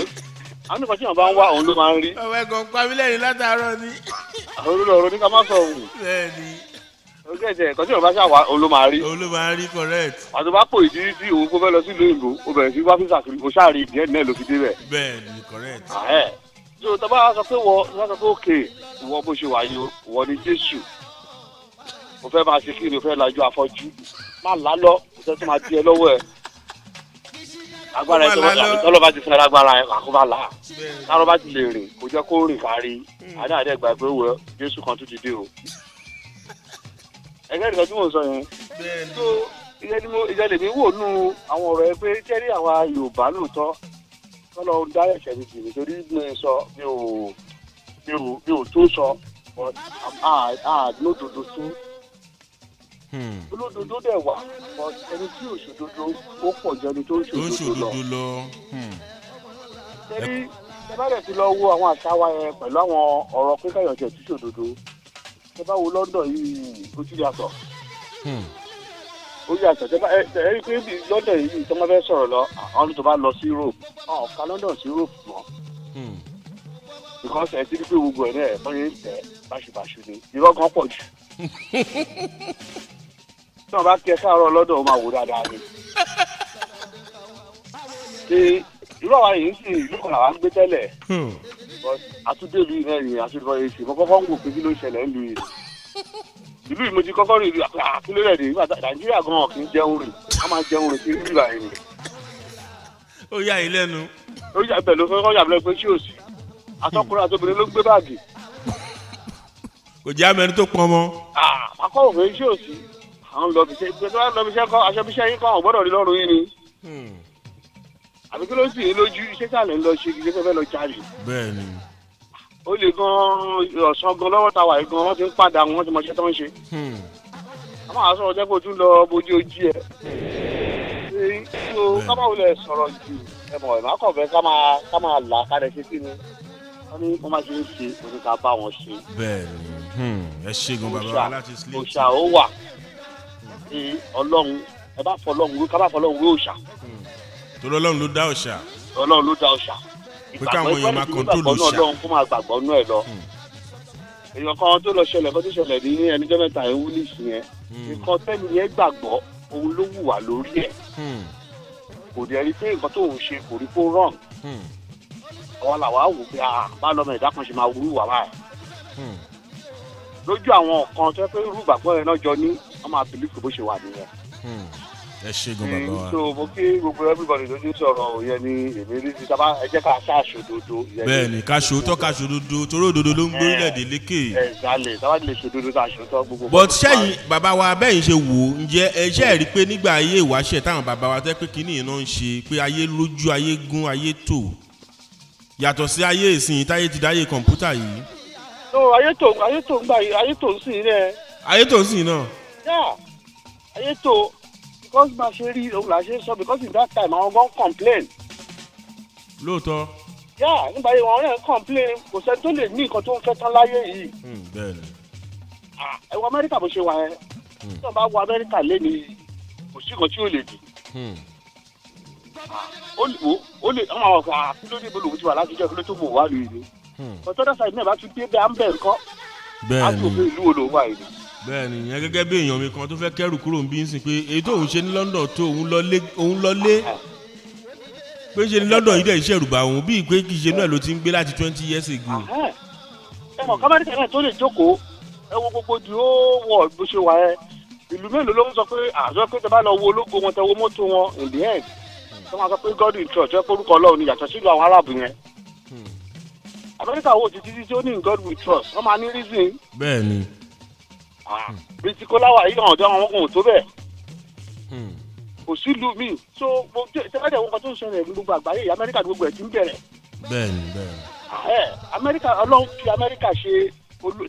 [SPEAKER 2] àwọn nìkan tí wọn bá ń wá òun ló máa ń rí. ọwọ́ ẹ̀gàn pamílẹ̀ yìí látàárọ̀ ni. àwọn olùlọ̀rọ̀ ojú ẹ̀jẹ̀ nǹkan tí yorùbá ṣàwà olómarí. olómarí correct. àtúbà pò ìdírí tí òun kò fẹ́ lọ sílùú èlò ó bẹ̀rẹ̀ sí wá fífà kiri kò ṣáàrí ìdí ẹ̀ náà
[SPEAKER 1] ló fi débẹ̀. bẹ́ẹ̀ni correct. ààyè tí
[SPEAKER 2] o tọ́ba sọ pé wọ wọ́n sọ pé òkè wọ bó ṣe wáyé wọ ni jésù mo fẹ́ máa ṣe kí ni mo fẹ́ lajú afọ́jú má lálọ́ kò sẹ́ tó máa di ẹ lọ́wọ́ ẹ agbára ẹ tọ́lọ́ bá ti fẹ́ lágbára ẹ kó bá là á tọ́lọ́ bá ti lè rìn kó jẹ́ kó rìn kárí hmm. àdáàdẹ́gbàgbé wọ jésù kan tó ti dé o ẹgbẹ́ nìkan tí mò ń sọ yẹn. so ìjẹ́ lèmi wò nù àwọn ọ̀rọ̀ ẹ pé tẹ́rí àwa Yorùbá lóòótọ́ kọ́lọ́ ń dá ẹ̀ṣẹ̀ mi jìnnì torí mi sọ mi ò mi ò tó sọ but tó hmm. olódodo dẹ̀ wà ẹni tí òṣòdodo ó pọ̀ jẹ́ ẹni tó ń ṣòdodo lọ. tẹ́rí hmm. bá rẹ̀ ti lọ wo àwọn àṣà wa yẹn pẹ̀lú àwọn ọ̀rọ̀ pé káyọ̀jẹ̀ tí ṣòdodo tẹ bá wo London yìí ojú yàtọ̀ ojú yàtọ̀ tẹ bá ẹ ẹ pé London yìí tó máa fẹ́ sọ̀rọ̀ lọ àwọn tó bá lọ sí Europe ọ̀ ká London sí Europe mọ́ hmm. because ẹ ti rí pé gbogbo ẹ̀ náà bọ́n yẹn tẹ̀ báṣubàṣu ni irọ́ kan pọ̀ jù tí wọ́n bá kẹ káàárọ̀ lọ́dọ̀ ó máa wò dáadáa ni hmm. irú àwa yìí ń sìn ìlú kan làwa gbé tẹ́lẹ̀. Hmm àtúndé ìlú yìí náà yìí àtúndé ìlú yìí mo kọ́kọ́ ń wò pé kí ló ń ṣẹlẹ̀ ńlú yìí ìlú yìí mo ti kọ́kọ́ rí ìlú àkúlé rẹ̀ nígbà nàìjíríà gan-an kì í jẹun rìn a máa jẹun rìn sí ìlú ìlànà yìí.
[SPEAKER 1] ó yà yín lẹ́nu.
[SPEAKER 2] ó yà bẹ̀ ló fẹ́ kọ́ yà bẹ̀rẹ̀ pé ṣé òsì àtọkùnrin àtobìnrin ló gbé báàgì.
[SPEAKER 1] kò jẹ́ amẹ́ni tó pọn mọ́.
[SPEAKER 2] àkọ́ òfin ṣé o àwọn lọ́bìṣẹ́ lọ́bìṣẹ́ àwọn gbọ́dọ̀ àbí kí ló ń sì yé lójú iṣẹ́ tí àlẹ́ ń lọ ṣe kí ṣe fẹ́ lọ jalè. bẹ́ẹ̀ni. ó lè gan ọ̀sán gan lọ́wọ́ ta wà yìí gan wọ́n ti ń padà wọ́n ti mọ iṣẹ́ tó ń ṣe. Hmm. a máa sọ̀rọ̀ jẹ́ kó tún lọ bójú ojú ẹ̀. ṣé tó kábàáwò lẹ̀ sọ̀rọ̀ jù ẹ mọ̀ ẹ̀ má kàn wọ́n ní wọ́n máa ṣe ń ṣe òní ká bá wọn ṣe.
[SPEAKER 1] bẹ́ẹ̀ni hmm. ẹ ṣègùn bàbá wa láti
[SPEAKER 2] sílé. òṣà ó wà ọlọ́run ẹ bá fọlọ́run wé ká bá fọlọ́run wé òṣà. Hmm.
[SPEAKER 1] Tolo ọlọ́run ló dá òòṣà.
[SPEAKER 2] ọlọ́run ló dá òòṣà.
[SPEAKER 1] ìgbàgbọ́ ìgbàgbọ́ hmm. èèyàn kan
[SPEAKER 2] tó lọ ṣẹlẹ̀ kan tó ṣẹlẹ̀ ní ẹnìjọ́ mẹ́ta ẹ̀ ń wúlì sí yẹn hmm. nǹkan tẹ́lu yẹn gbàgbọ́ òun ló wù wá lórí ẹ̀ hmm. kò dẹ̀ rí pé nǹkan tó ń ṣe kò rí kó wrong àwọn làwa wò pé àbá ah, lọ́mọ ìdá kan ṣe máa wúrú wà báyìí lójú àwọn kan tó yẹ pé irú ìgbàgbọ́ yẹn náà jọ ní wọ́n máa
[SPEAKER 1] ẹ ṣègùn bàbá wa. so
[SPEAKER 2] mo kí gbogbo everybody lójú sọ̀rọ̀ òye ni èmi rí ti sábà ẹ jẹ́ ká ṣàṣọ òdodo. bẹ́ẹ̀ni
[SPEAKER 1] ká ṣòótọ́ ká ṣòdodo toró òdodo ló ń gbórílẹ̀-èdè lékè. ẹ
[SPEAKER 2] ṣàlẹ̀ sábà lè ṣòdodo ká ṣòótọ́ gbogbo. but
[SPEAKER 1] sẹ́yìn bàbá wa bẹ́yìn ṣe wò ó ǹjẹ́ ẹ ṣe rí i pé nígbà ayé ìwáṣẹ̀ táwọn bàbá wa tẹ́ pé kínní iná ń ṣe pé ayé lójú ayé gún ayé tò yàtọ̀ sí ayé ìsìn táyé ti dáyé kọ̀ǹpútà yìí.
[SPEAKER 5] no ayé
[SPEAKER 2] tó ayé tó ń gbà ayé tó ń sìn náà.
[SPEAKER 1] ayé tó ń sìn náà.
[SPEAKER 2] yá ayé tó because bá a ṣe rí òun là ṣe sọ because in that time àwọn gan complain. lóòótọ́. yá nígbà yẹn wọn rẹ̀ complain kò sẹ́ni tó lè ní nǹkan tó ń fẹ́ tán láyé yìí. Hmm, bẹ́ẹ̀ni. ẹ wọ amẹ́ríkà bó ṣe wà yẹn hmm. tí wọ́n bá wọ amẹ́ríkà lẹ́nu yìí
[SPEAKER 1] kò sí nǹkan tí ò lè dì. Hmm.
[SPEAKER 2] ó lè ọmọ àwọn ọ̀gá kí ló dé bolo òun ti wà látijọ́ kí ló tó mọ̀ wá lóyún ni. ọ̀tọ́dọ̀ sáyẹn náà bá tún dé bẹ́ẹ̀ à ń bẹ̀ ńkọ́.
[SPEAKER 1] bẹ́ẹ̀ni á tún òfin ìlú wo lòún yìí bẹ́ẹ̀ni ìyẹn gẹ́gẹ́ bí èèyàn mi kan tó fẹ́ kẹ́rù kúrò ń bí ń sìn pé èyí tó òun ṣe ní London tó òun lọ lé pé ṣe ní London yìí dẹ̀ iṣẹ́ ìrùbà òun bíi pé kì ṣe inú ló ti ń gbé láti twenty years ago.
[SPEAKER 2] ẹ mọ̀ kámẹ́rì tẹ̀lé tó lè jókòó ẹ wo gbogbo di ó wọ̀ bó ṣe wà ẹ ìlú mélòó ló ń sọ pé àjọ pé tẹ́lá lọ ológo wọn tẹ́wọ́ mọ́tò wọn in the end tó sọ pé God in church ẹ forúkọ Ọlọ́run ti hmm. títí tí ó God we trust wọ́n máa ní
[SPEAKER 1] reason. bẹ́ẹ̀ni Ah,
[SPEAKER 2] bí ti kóláwà yìí hàn ọ̀dọ́ ọkùnrin tó bẹ́ẹ̀ hmm. kò sílùú mi so tẹ́lẹ̀ wọn kan tó ń ṣẹlẹ̀ ní gbogbo àgbáyé amẹ́ríkà gbogbo ẹ̀ ti ń bẹ̀rẹ̀.
[SPEAKER 1] bẹ́ẹ̀ni bẹ́ẹ̀ni.
[SPEAKER 2] Ah, ẹ amẹ́ríkà ọlọ́run fi amẹ́ríkà ṣe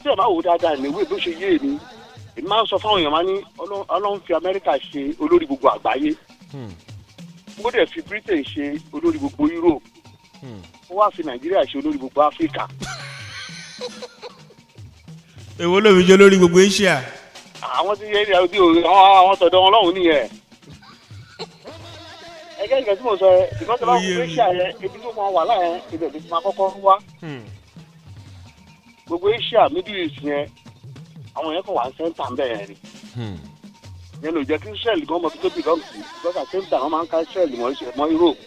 [SPEAKER 2] tí ẹ bá wò ó dáadáa ní ìwé bó ṣe yé mi èmi máa ń sọ fáwọn èèyàn máa ní ọlọ́run fi amẹ́ríkà ṣe olórí gbogbo àgbáyé
[SPEAKER 3] ó hmm.
[SPEAKER 2] dẹ̀ fi britain ṣe olórí gbogbo europe ó hmm. wá fi nàìjíríà ṣe olórí gbogbo áfíríkà.
[SPEAKER 1] èwo lómi jẹ lórí gbogbo asia. àwọn tí yẹn ti
[SPEAKER 2] àwọn tọ̀dọ̀ wọn lọ́hùn nìyẹn. ẹgẹ́ ìgbà tí mo sọ ẹ ìgbà tí wọ́n gbogbo asia yẹn ibi tó máa wà láyẹn ibẹ̀ ló ti máa kọ́kọ́ wá. Hmm. gbogbo asia middle east yẹn àwọn yẹn kò wá sẹ́ńtà ń bẹ̀rẹ̀ ni. Hmm. yẹn ló jẹ́ kí israel gan mọ tó tóbi gan kù lọ́sà sẹ́ńtà wọn máa ń ká israel mọ́ europe.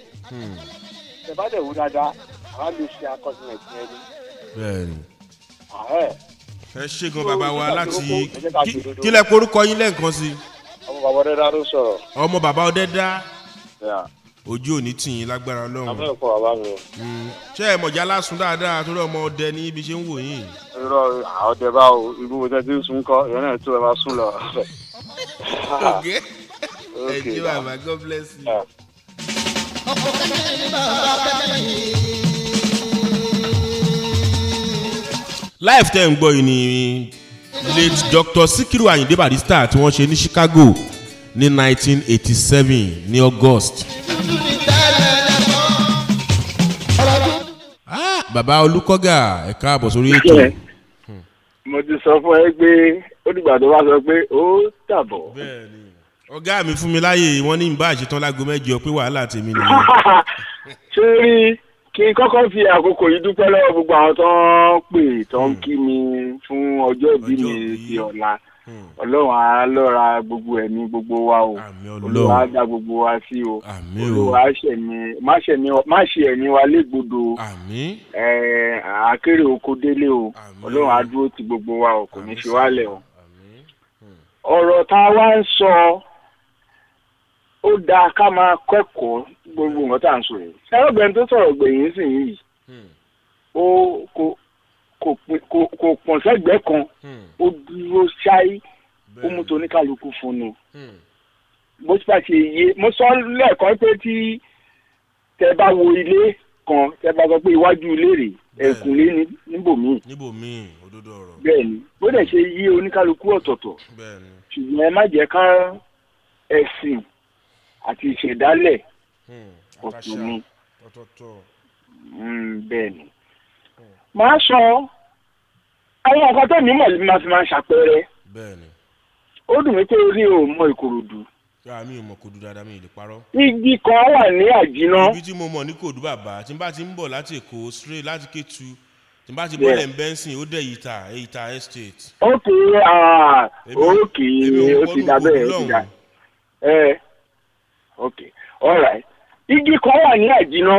[SPEAKER 2] ṣẹ̀bá hmm. dẹ̀ wú dáadáa àwọn àlè ṣe akọ́sílẹ̀ tiẹ̀ ni.
[SPEAKER 1] bẹ́ẹ̀ ni ẹ ṣègùn bàbá wa láti kílẹ̀ korúkọ yín lẹ́ẹ̀kan sí.
[SPEAKER 2] ọmọ bàbá ọdẹ́dá ló sọ̀rọ̀.
[SPEAKER 1] ọmọ bàbá ọdẹ́dá. ojú ò ní tìyín lágbára ọlọ́run. abẹ́ ìkọ́ bàbá mi. Hmm. ṣé ẹ mọ̀já lásùn dáadáa torí ọmọ ọdẹ ní ibi ṣe ń wò yín.
[SPEAKER 2] irọ́ ọdẹ bá o ibú mo tẹ́tí sùn kọ́ ìyẹn náà tó ẹ máa sùn lọ. ọ̀gẹ́ ẹ bàbá
[SPEAKER 1] God bless you. ọkọ̀ kẹ́kẹ́ ní bàbá kẹ́kẹ́ yìí. live ten gbọ́ yìí ni late dr sikiru ayinde barrister tí wọ́n ṣe ní chicago ní 1987 ní august. Ah, bàbá olùkọ́gà ẹ káàbọ̀ sórí ètò.
[SPEAKER 2] mo ti sọ fún ẹ pé ó dìgbà tó bá sọ pé ó tàbọ̀.
[SPEAKER 1] ọ̀gá mi fún mi láàyè wọ́n ní ìbá àṣetán lágo mẹ́jọ pé wàhálà tèmi nìyẹn. ṣé rí
[SPEAKER 2] kí n kọ́kọ́ fi àkókò yìí dúpẹ́ lọ́wọ́ gbogbo àwọn tó ń pè tó ń hmm. kí mi fún ọjọ́ ìbí mi ti ọ̀la hmm. ọlọ́run á lọ́ra gbogbo ẹ̀mí gbogbo wa o olúwa á dá gbogbo wa sí o olúwa á ṣẹ̀mí má ṣe ẹ̀mí wa légbodò akérè oko délé o ọlọ́run á dúró ti gbogbo wa o kò ní ṣe wálẹ̀ o hmm. ọ̀rọ̀ tá a wá ń sọ ó dáa ká máa kẹ́kọ̀ọ́ gbogbo nǹkan tá à ń sọ yìí ṣàrògbẹ́ni tó sọ̀rọ̀ gbẹ̀yìn sì yìí hmm. ó kò kò pọ̀n sẹ́gbẹ́ kan hmm. ó dúró ṣáí ó mú toníkàlùkù fún ni hmm. bó ti bá ṣe yé mo sọ lẹ́ẹ̀kan pé tí tẹ bá wo ilé kan tẹ bá sọ pé iwájú ilé rè ẹ̀kúnlé níbòmíì níbòmíì òdodo ọ̀rọ̀ bẹ́ẹ̀ni bó dẹ̀ ṣe yé oníkàlùkù ọ̀tọ̀ọ̀tọ̀ ṣùgbọ́n ẹ má jẹ́ ká ẹ̀sìn àti ìṣẹ̀dálẹ̀ Hmm. ọ̀tún ni hmm, bẹ́ẹ̀ ni. màá sọ àwọn nǹkan tó ní mọ̀ ló máa fi máa ṣàpẹẹrẹ ó dùn mí pé orí ò mọ ìkòròdú.
[SPEAKER 1] yàrá ah, mi ò mọ kòdú dáadáa mi ò lè parọ́.
[SPEAKER 5] igi kan wà ní àjìná. ibi
[SPEAKER 1] tí mo mọ̀ ní kòdú bàbá tí n bá ti ń bọ̀ láti èkó straight láti Kétu tí n bá ti bọ́lẹ̀ bẹ́ńsìn ó dẹ̀ ìta ìta estate.
[SPEAKER 5] ok ah, ok ó ti dà bẹ́ẹ̀ ó ti dà
[SPEAKER 2] ẹ eh, all right igi kan wà ní àjìná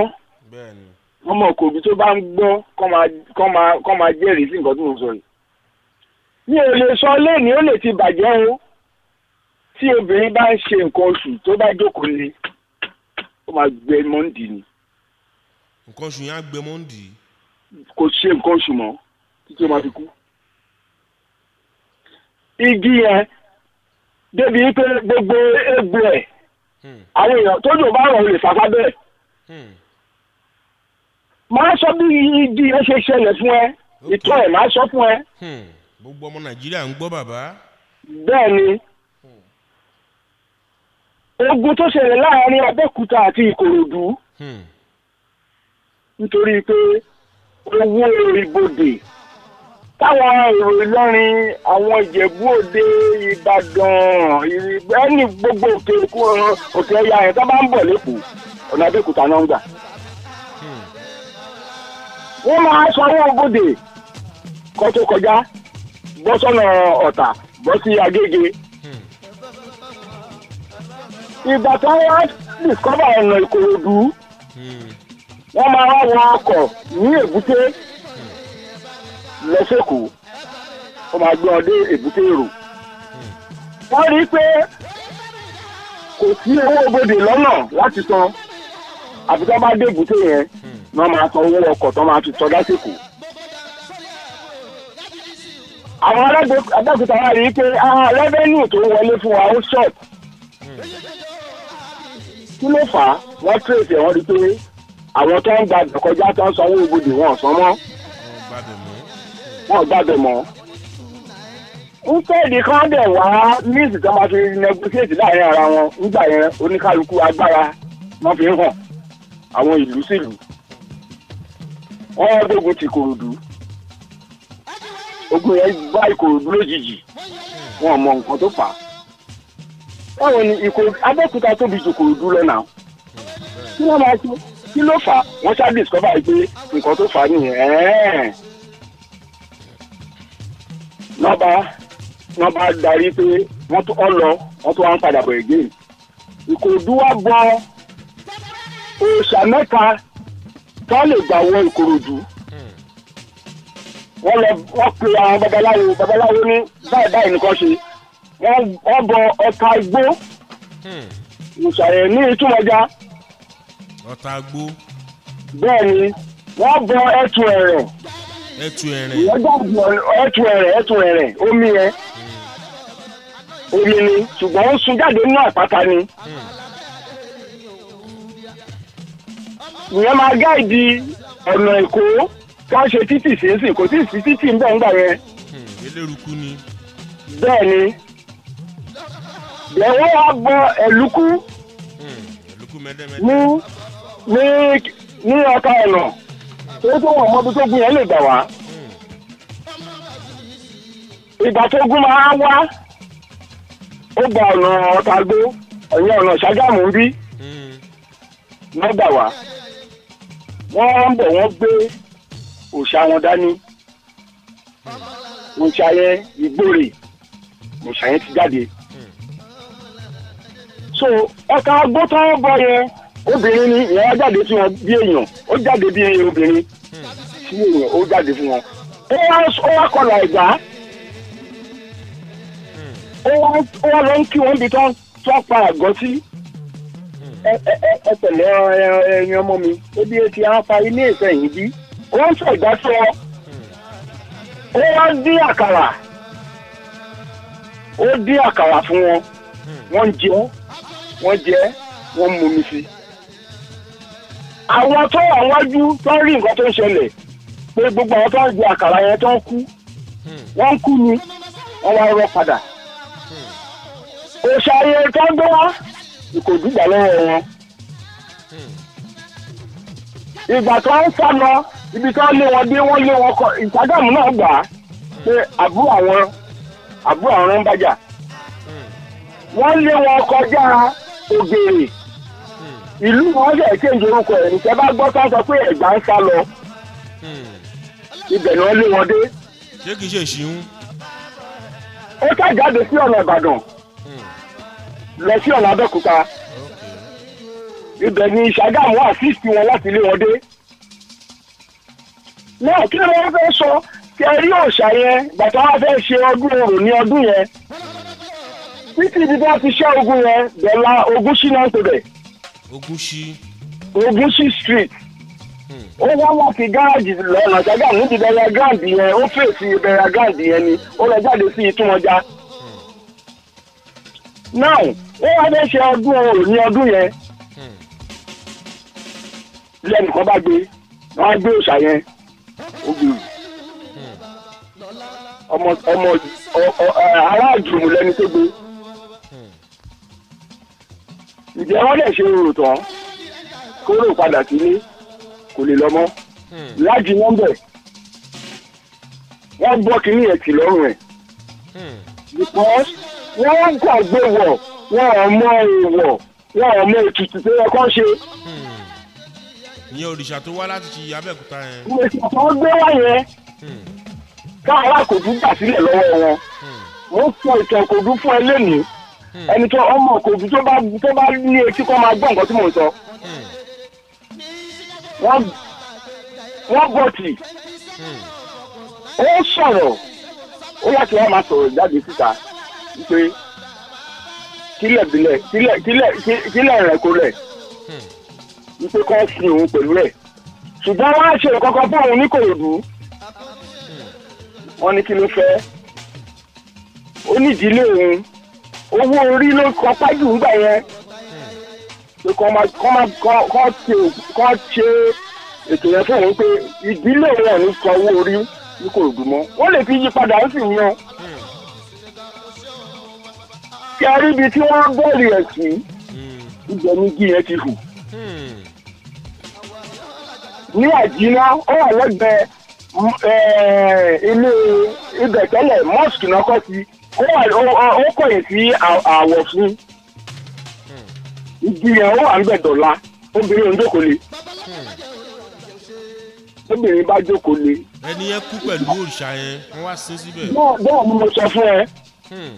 [SPEAKER 2] ọmọ òkòbí tó bá ń gbọ́ kọ́ máa jẹ́rìí sí nǹkan tó ń sọ yìí mi ò lè sọ lónìí ó lè ti bàjẹ́ o tí obìnrin bá ń ṣe nǹkan oṣù tó bá jókòó lé ó máa gbé mọ́ǹdì ni.
[SPEAKER 1] nǹkan oṣù yẹn á gbé mọ́ǹdì. kò ṣe nǹkan oṣù mọ́ títí ó máa fi kú.
[SPEAKER 5] igi yẹn débi pé gbogbo
[SPEAKER 2] egbò ẹ̀ àwọn èèyàn tó jò bá rọ̀ lè fàfà bẹ́ẹ̀.
[SPEAKER 5] máa sọ bí igi rẹ ṣe ṣẹlẹ̀ fún ẹ ìtọ́ ẹ̀ máa sọ fún ẹ.
[SPEAKER 1] Hmm. gbogbo ọmọ nàìjíríà ń gbọ́ bàbá.
[SPEAKER 5] bẹ́ẹ̀ ni ogun tó ṣẹlẹ̀ láàrin abẹ́òkúta àti ìkòròdú hmm.
[SPEAKER 2] nítorí pé owó ìbòdè táwọn èrò ìlọrin àwọn ìjẹ̀bú òde ìbàdàn ìrìbẹ́ẹ̀nì gbogbo òkè òkè ẹ̀yà yẹn tó ń bọ̀ lẹ́kọ̀ọ́ ọ̀nà àbẹ́kúta náà ń gbà. Hmm. wọ́n máa sanwó ogóde kó tó kọjá bọ́ sọ́nà ọ̀tà bọ́ sí agége. Hmm. ìgbà tó wá discover ọ̀nà ìkòròdú hmm. wọ́n máa wá wọ ọkọ̀ ní èbúté lọ sẹ́kọ̀ọ́ wọ́n máa gbé ọdẹ èbúté èrò wọ́n rí i pé kò sí owó bodè lọ́nà láti san àfi tó bá dé èbúté yẹn ni wọ́n máa san owó ọkọ̀ tó máa fi sọ dásìkò. àwọn adágúta wa rí i pé ah, rẹ́vẹ́nù tó wọlé fún wa ó ṣọ̀t kí ló fà á wọ́n tírèsì ẹ̀ wọ́n rí i pé àwọn tó ń gbàgbọ́ kọjá tó ń sanwó ibodè wọn ò san wọn jáde mọ́ instead kan dẹ̀ wá means tí wọ́n bá fi negotiate láàrin ara wọn nígbà yẹn oníkálukú agbára wọ́n fi ń hàn àwọn ìlú sílù wọ́n gbógun ti Ìkòròdú ogun yẹn bá Ìkòròdú lójijì wọn mọ nǹkan tó fà á báwo ni Ìkòròdú Abẹ́òkúta tóbi ju Ìkòròdú lọ náà kí wọ́n máa ṣe kí ló fà á wọ́n ṣáà discover pé nǹkan tó fà á nìyẹn wọ́n bá wọ́n bá darí pé wọ́n tún ọ lọ wọ́n tún wá ń padà bọ̀ again ìkòròdú wa gbọ́ òòṣà mẹ́ta tó lè gbà wọ ìkòròdú hmm. wọ́n lọ wọ́n pe àwọn babaláwo babaláwo ní báyìí báyìí nìkan ṣe wọ́n bọ ọta igbó hmm. òòṣà yẹn ní ìtumọ̀já. ọta igbó. bẹ́ẹ̀ ni bọ ẹtù ẹ̀rọ
[SPEAKER 1] ẹtù ẹrìn. wọ́n dàbí ẹtù ẹrìn
[SPEAKER 2] ẹtù ẹrìn omi yẹn omi ni ṣùgbọ́n ó sun jáde nínú àpáta ni. ìyẹn máa gáàdì ọ̀nà èkó ká ṣe títì sínsìn kò tí ì sí títì ń bẹ̀ ń gbà yẹn. Hmm, eléruku ni. bẹ́ẹ̀ ni lẹ́wọ́ wa ẹ̀lúkú hmm, ní ní ọ̀nà. ó tó wọn mọbi tó gun yẹn lè gbà wá ìgbà tó gun máa wá ó gba ọ̀nà ọ̀tàgbó ẹ̀yìn ọ̀nà ṣàgámù ń bí wọ́n gbà wá wọ́n ń bọ̀ wọ́n gbé òòṣà wọn dání òòṣà yẹn ìgbòrè òòṣà yẹn ti jáde so ọ̀tàgbó tó ń bọ̀ yẹn. obìnrin ni ìyẹn wá jáde sí wọn bí èèyàn ó jáde bí èèyàn obìnrin sí èèyàn ó jáde fún wọn ó wá ó wá kọlà ẹ̀gbá ó wá ó wá lọ ń kí wọn bí tán tó pa àgọ́ sí ẹ ẹ ẹ pẹ̀lẹ́ ẹyin ọmọ mi ó bí etí afa ilé ìsẹ̀yìn bí ó ń sọ ìgbà sọ ó wá dín àkàrà ó dín àkàrà fún wọn wọ́n jẹ wọ́n jẹ wọ́n mú mi sí i. àwọn tó wà wájú tó ń rí nǹkan tó ń ṣẹlẹ̀ pé gbogbo àwọn tó ń gbé àkàrà yẹn tó ń kú wọ́n ń kú ni wọ́n wá rọ padà. òṣà yẹn tó ń gbé wá kò dùgbà lọ́wọ́ wọn. ìgbà tó ń sá lọ ibi tó lé wọn dé wọ́n lé wọn kọ ìtàgàmù náà gbà á pé àbúrò àwọn àbúrò àwọn ń bàjà. wọ́n lé wọn kọjá ògèrè. ìlú wọn ṣe kéńjì orúkọ ẹ̀ ní tẹ́bá gbọ́ ká sọ pé ẹ̀gbá ń sá lọ ibẹ̀ ni wọ́n lé wọn dé.
[SPEAKER 1] ṣé kìí ṣe ìṣìún.
[SPEAKER 2] ó ká jáde sí ọ̀nà ìbàdàn lọ sí ọ̀nà abẹ́òkúta ibẹ̀ ni ṣàgámù àṣìṣì wọn láti lé wọn dé. náà kí ni wọ́n fẹ́ sọ tẹ rí òòṣà yẹn bàtà wọn fẹ́ ọdún ní ọdún yẹn títí ibi ti ṣẹ́ ogun yẹn dọ̀la ogún ṣínà Ogunṣí. Ogunṣí street ó wá láti gáàjì lọ́nà jágà níbi bẹ̀rẹ̀ gáàdì yẹn ó fèsì bẹ̀rẹ̀ gáàdì yẹn ni ó lọ jáde sí ìtumọ̀já. now ó wá fẹ́ ṣe ọdún orò ní ọdún yẹn lẹ́nìkan bá gbé wọ́n á gbé òòṣà yẹn ó gbé e ọmọ ọmọ ará àjùmọ̀ lẹ́ni tó gbé ǹjẹ́ wọ́n lè ṣe rò tán kó rò padà sílé kò lè lọ mọ́ hmm. láti nọ́mbẹ̀ wọ́n gbọ́ kínní ẹ̀ tì lọ́rùn ẹ̀ hmm. because wọ́n gbàgbé wọ̀ wọ́n ò mọ ìwọ̀ wọ́n ò mọ ètùtù tó yẹ kó ṣe. Hmm.
[SPEAKER 1] ìyẹn òrìṣà tó wá láti ṣe abẹ́òkúta yẹn. òrìṣà tó gbé wá
[SPEAKER 2] yẹn káàrà kò dùn gbà sílẹ̀ lọ́wọ́ wọn mo fọ ìtàn kò dùn fún ẹ lónìí. Hmm. ẹni tó ọmọ kò bí tó bá tó bá ní etí kó máa gbọ́ nǹkan tí mò ń sọ. Hmm. wọ́n bọ̀ tì hmm. ó sọ̀rọ̀ ó yà kí wọ́n máa sọ̀rọ̀ jáde síta pé kílẹ̀ bílẹ̀ kílẹ̀ kílẹ̀ kílẹ̀ rẹ̀ kó rẹ̀ wípé kọ́ sin òun pẹ̀lú rẹ̀ ṣùgbọ́n wọ́n á ṣe ìkọ̀kọ̀ fún òun ní kòròdú wọ́n ní kí ló fẹ́ ó ní ìdílé òun owó orí ló kọ pájú ya yẹn pé kọ́ máa kọ́ kọ́ ṣe ètò yẹn fún òun pé ìdílé owó orí ní kò dùn mọ́ wọ́n lè fi yí padà ó sì yan. tí wọ́n bọ́ọ̀lù ẹ̀ ni igi yẹn ti hù. ní àjínà ó wà lẹ́gbẹ̀ẹ́ ilé ibẹ̀ ó kọ̀yìn sí àwọ̀ fún igi yẹn ó wà ń bẹ̀ dọ̀la obìnrin ò ń jókòó le obìnrin bá jókòó le.
[SPEAKER 1] ẹni yẹn kú pẹ̀lú òrìṣà yẹn wọ́n wá sí síbẹ̀. bọ́ọ̀ ni mo sọ
[SPEAKER 2] fún ẹ hmm.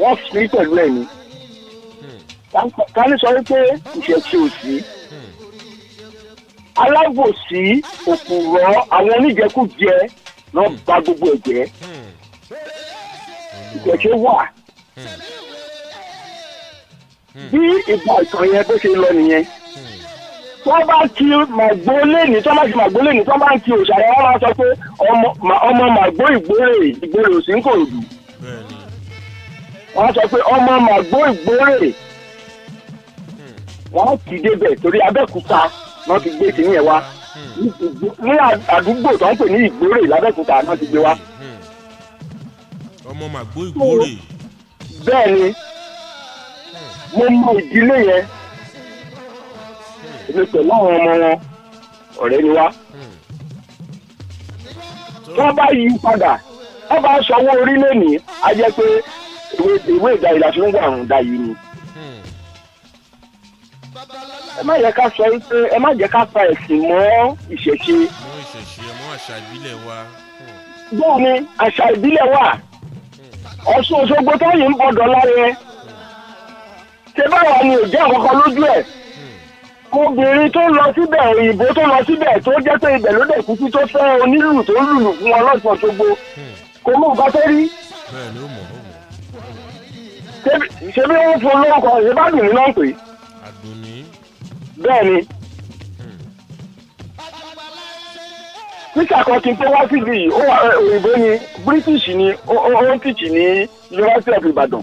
[SPEAKER 2] wọ́n fi pẹ̀lú ẹ̀ ni kálí hmm. sọ wípé ìṣẹ̀tì ò sí hmm. alábòsí òpùrọ̀ àwọn oníjẹkújẹ náà bà gbogbo ẹ̀ Hmm. kẹ̀kẹ́ wà bí ìgbà ìtàn yẹn bó ṣe lọ nìyẹn tó bá ti màgbó lẹ́nìí tó bá ti màgbó lẹ́nìí tó bá ti sọ pé ọmọ màgbó ìgbórè ìgbórè ò sí ń sọ pé ọmọ màgbó ìgbórè wọ́n ti débẹ̀ torí abẹ́kúta wọ́n ti gbé wá ní àdúgbò tó ń pè ní ìgbórè lábẹ́kúta
[SPEAKER 1] ọmọ màgbó ìgbórè. bẹ́ẹ̀ ni mo mọ ìdílé yẹn èmi pẹ̀lú àwọn ọmọ wọn
[SPEAKER 2] ọ̀rẹ́ ni wá. tí wọ́n bá yí padà wọ́n bá sanwó orí lónìí a jẹ́ pé ìwé ìjà ìlàsíwọ́n àrùn dá yìí ni. ẹ má yẹ ká sọ pé ẹ má jẹ́ ká pa ẹ̀sìn mọ́ ìṣẹ̀ṣe.
[SPEAKER 1] mọ́ ìṣẹ̀ṣe mọ́ àṣà ìbílẹ̀ wa. bẹ́ẹ̀ ni àṣà
[SPEAKER 2] ìbílẹ̀ wa. Ọ̀ṣun Òṣogbo táyì ń bọ̀dọ̀ lára ẹ ṣé báwa ni ò jẹ́ àkọ́kọ́ lójú ẹ̀ obìnrin tó lọ síbẹ̀ òyìnbó tó lọ síbẹ̀ tó jẹ́ pé ibẹ̀ ló dẹ̀ kú sí tó fẹ́ onílù tó lùlù fún wọn lọ́sọ̀ Òṣogbo kò mú nǹkan tó rí ṣé bí wọ́n fún olórúkọ ṣé ní náà pé bẹ́ẹ̀ ni. píkà kan kí n tó wá sílùú yìí ó wà eh, òyìnbó ni british ni ó ń tìjì ní university of Ibadan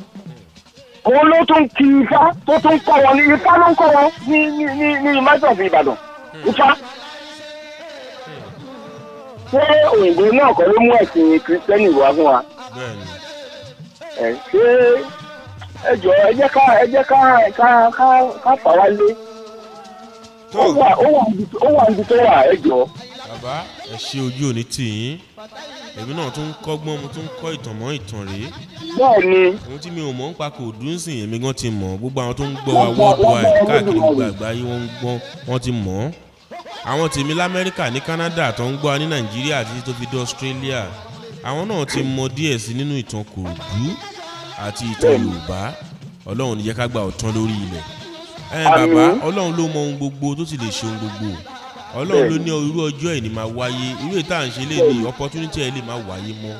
[SPEAKER 2] òun ló tún kí ifá tó tún kọ́ wọn ní ifá ló ń kọ́ wọn ní ní ní ní university of Ibadan hmm. ifá ṣé òyìnbó náà kọ́ ló mú ẹ̀sìn kristẹni wá fún wa ẹ ṣé ẹ jọ ẹ jẹ́ ká ẹ jẹ́ ká ká ká ká fà wá lé ó wà ó wà níbi tó
[SPEAKER 1] wà ẹ jọ bàbá ẹ ṣe ojú òní tìyín èmi náà tún kọ́gbọ́n mo tún kọ́ ìtàn mọ́ ìtàn rèé. bẹ́ẹ̀ni. ohun tí mi ò mọ̀ ń pa kò dùn sìn èmi gan ti mọ̀ gbogbo àwọn tó ń gbọ́ wa worldwide káàkiri gbogbo àgbáyé wọ́n ń gbọ́ wọ́n ti mọ̀ ọ́. àwọn tèmi lamẹ́ríkà ní canada tó ń gbọ́ wa ní nàìjíríà títí tó fi dé australia àwọn náà ti mọ díẹ̀ sí nínú ìtàn kòròdú àti ìtàn yorùbá ọlọ́run ní jẹ́ ká gba ọ̀tán lórí ilẹ̀. ẹ bàbá ọlọ́run ló mọ ohun gbogbo tó sì lè ṣe ohun gbogbo ọlọ́run ló ní irú ọjọ́ ẹ̀ ní máa wáyé irú ètò à ń ṣe lè ní opportunity ẹ̀ lè máa wáyé mọ́.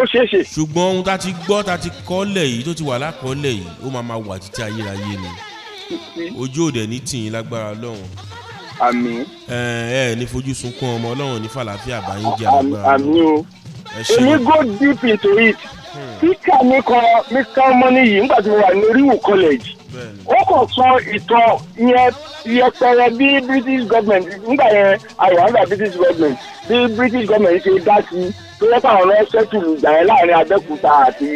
[SPEAKER 1] ó ṣeé ṣe. ṣùgbọ́n ohun tá ti gbọ́ tá ti kọ́lẹ̀ yìí tó ti wà lákọ́lẹ̀ yìí ó máa máa wà títí ayérayé ni ojú òde ní tìyín lágbára ọlọ́run. àmín. ẹ ẹ ní fojú sunkún ọmọ ọlọ́run ní fàlàfíà báyìí jẹ́ àgbà. àmín o èmi go
[SPEAKER 2] deep into it. Hmm. píkà mi kọ mr money yìí nígbà tí mo wà ní oríwù college ó kàn sọ ìtàn yẹpẹrẹ bí british government nígbà yẹn ayọ̀ british government bí british government ṣe dá sí tó yẹ káwọn lọ ṣẹ́tù ìgbà yẹn láàrin abẹ́òkúta àti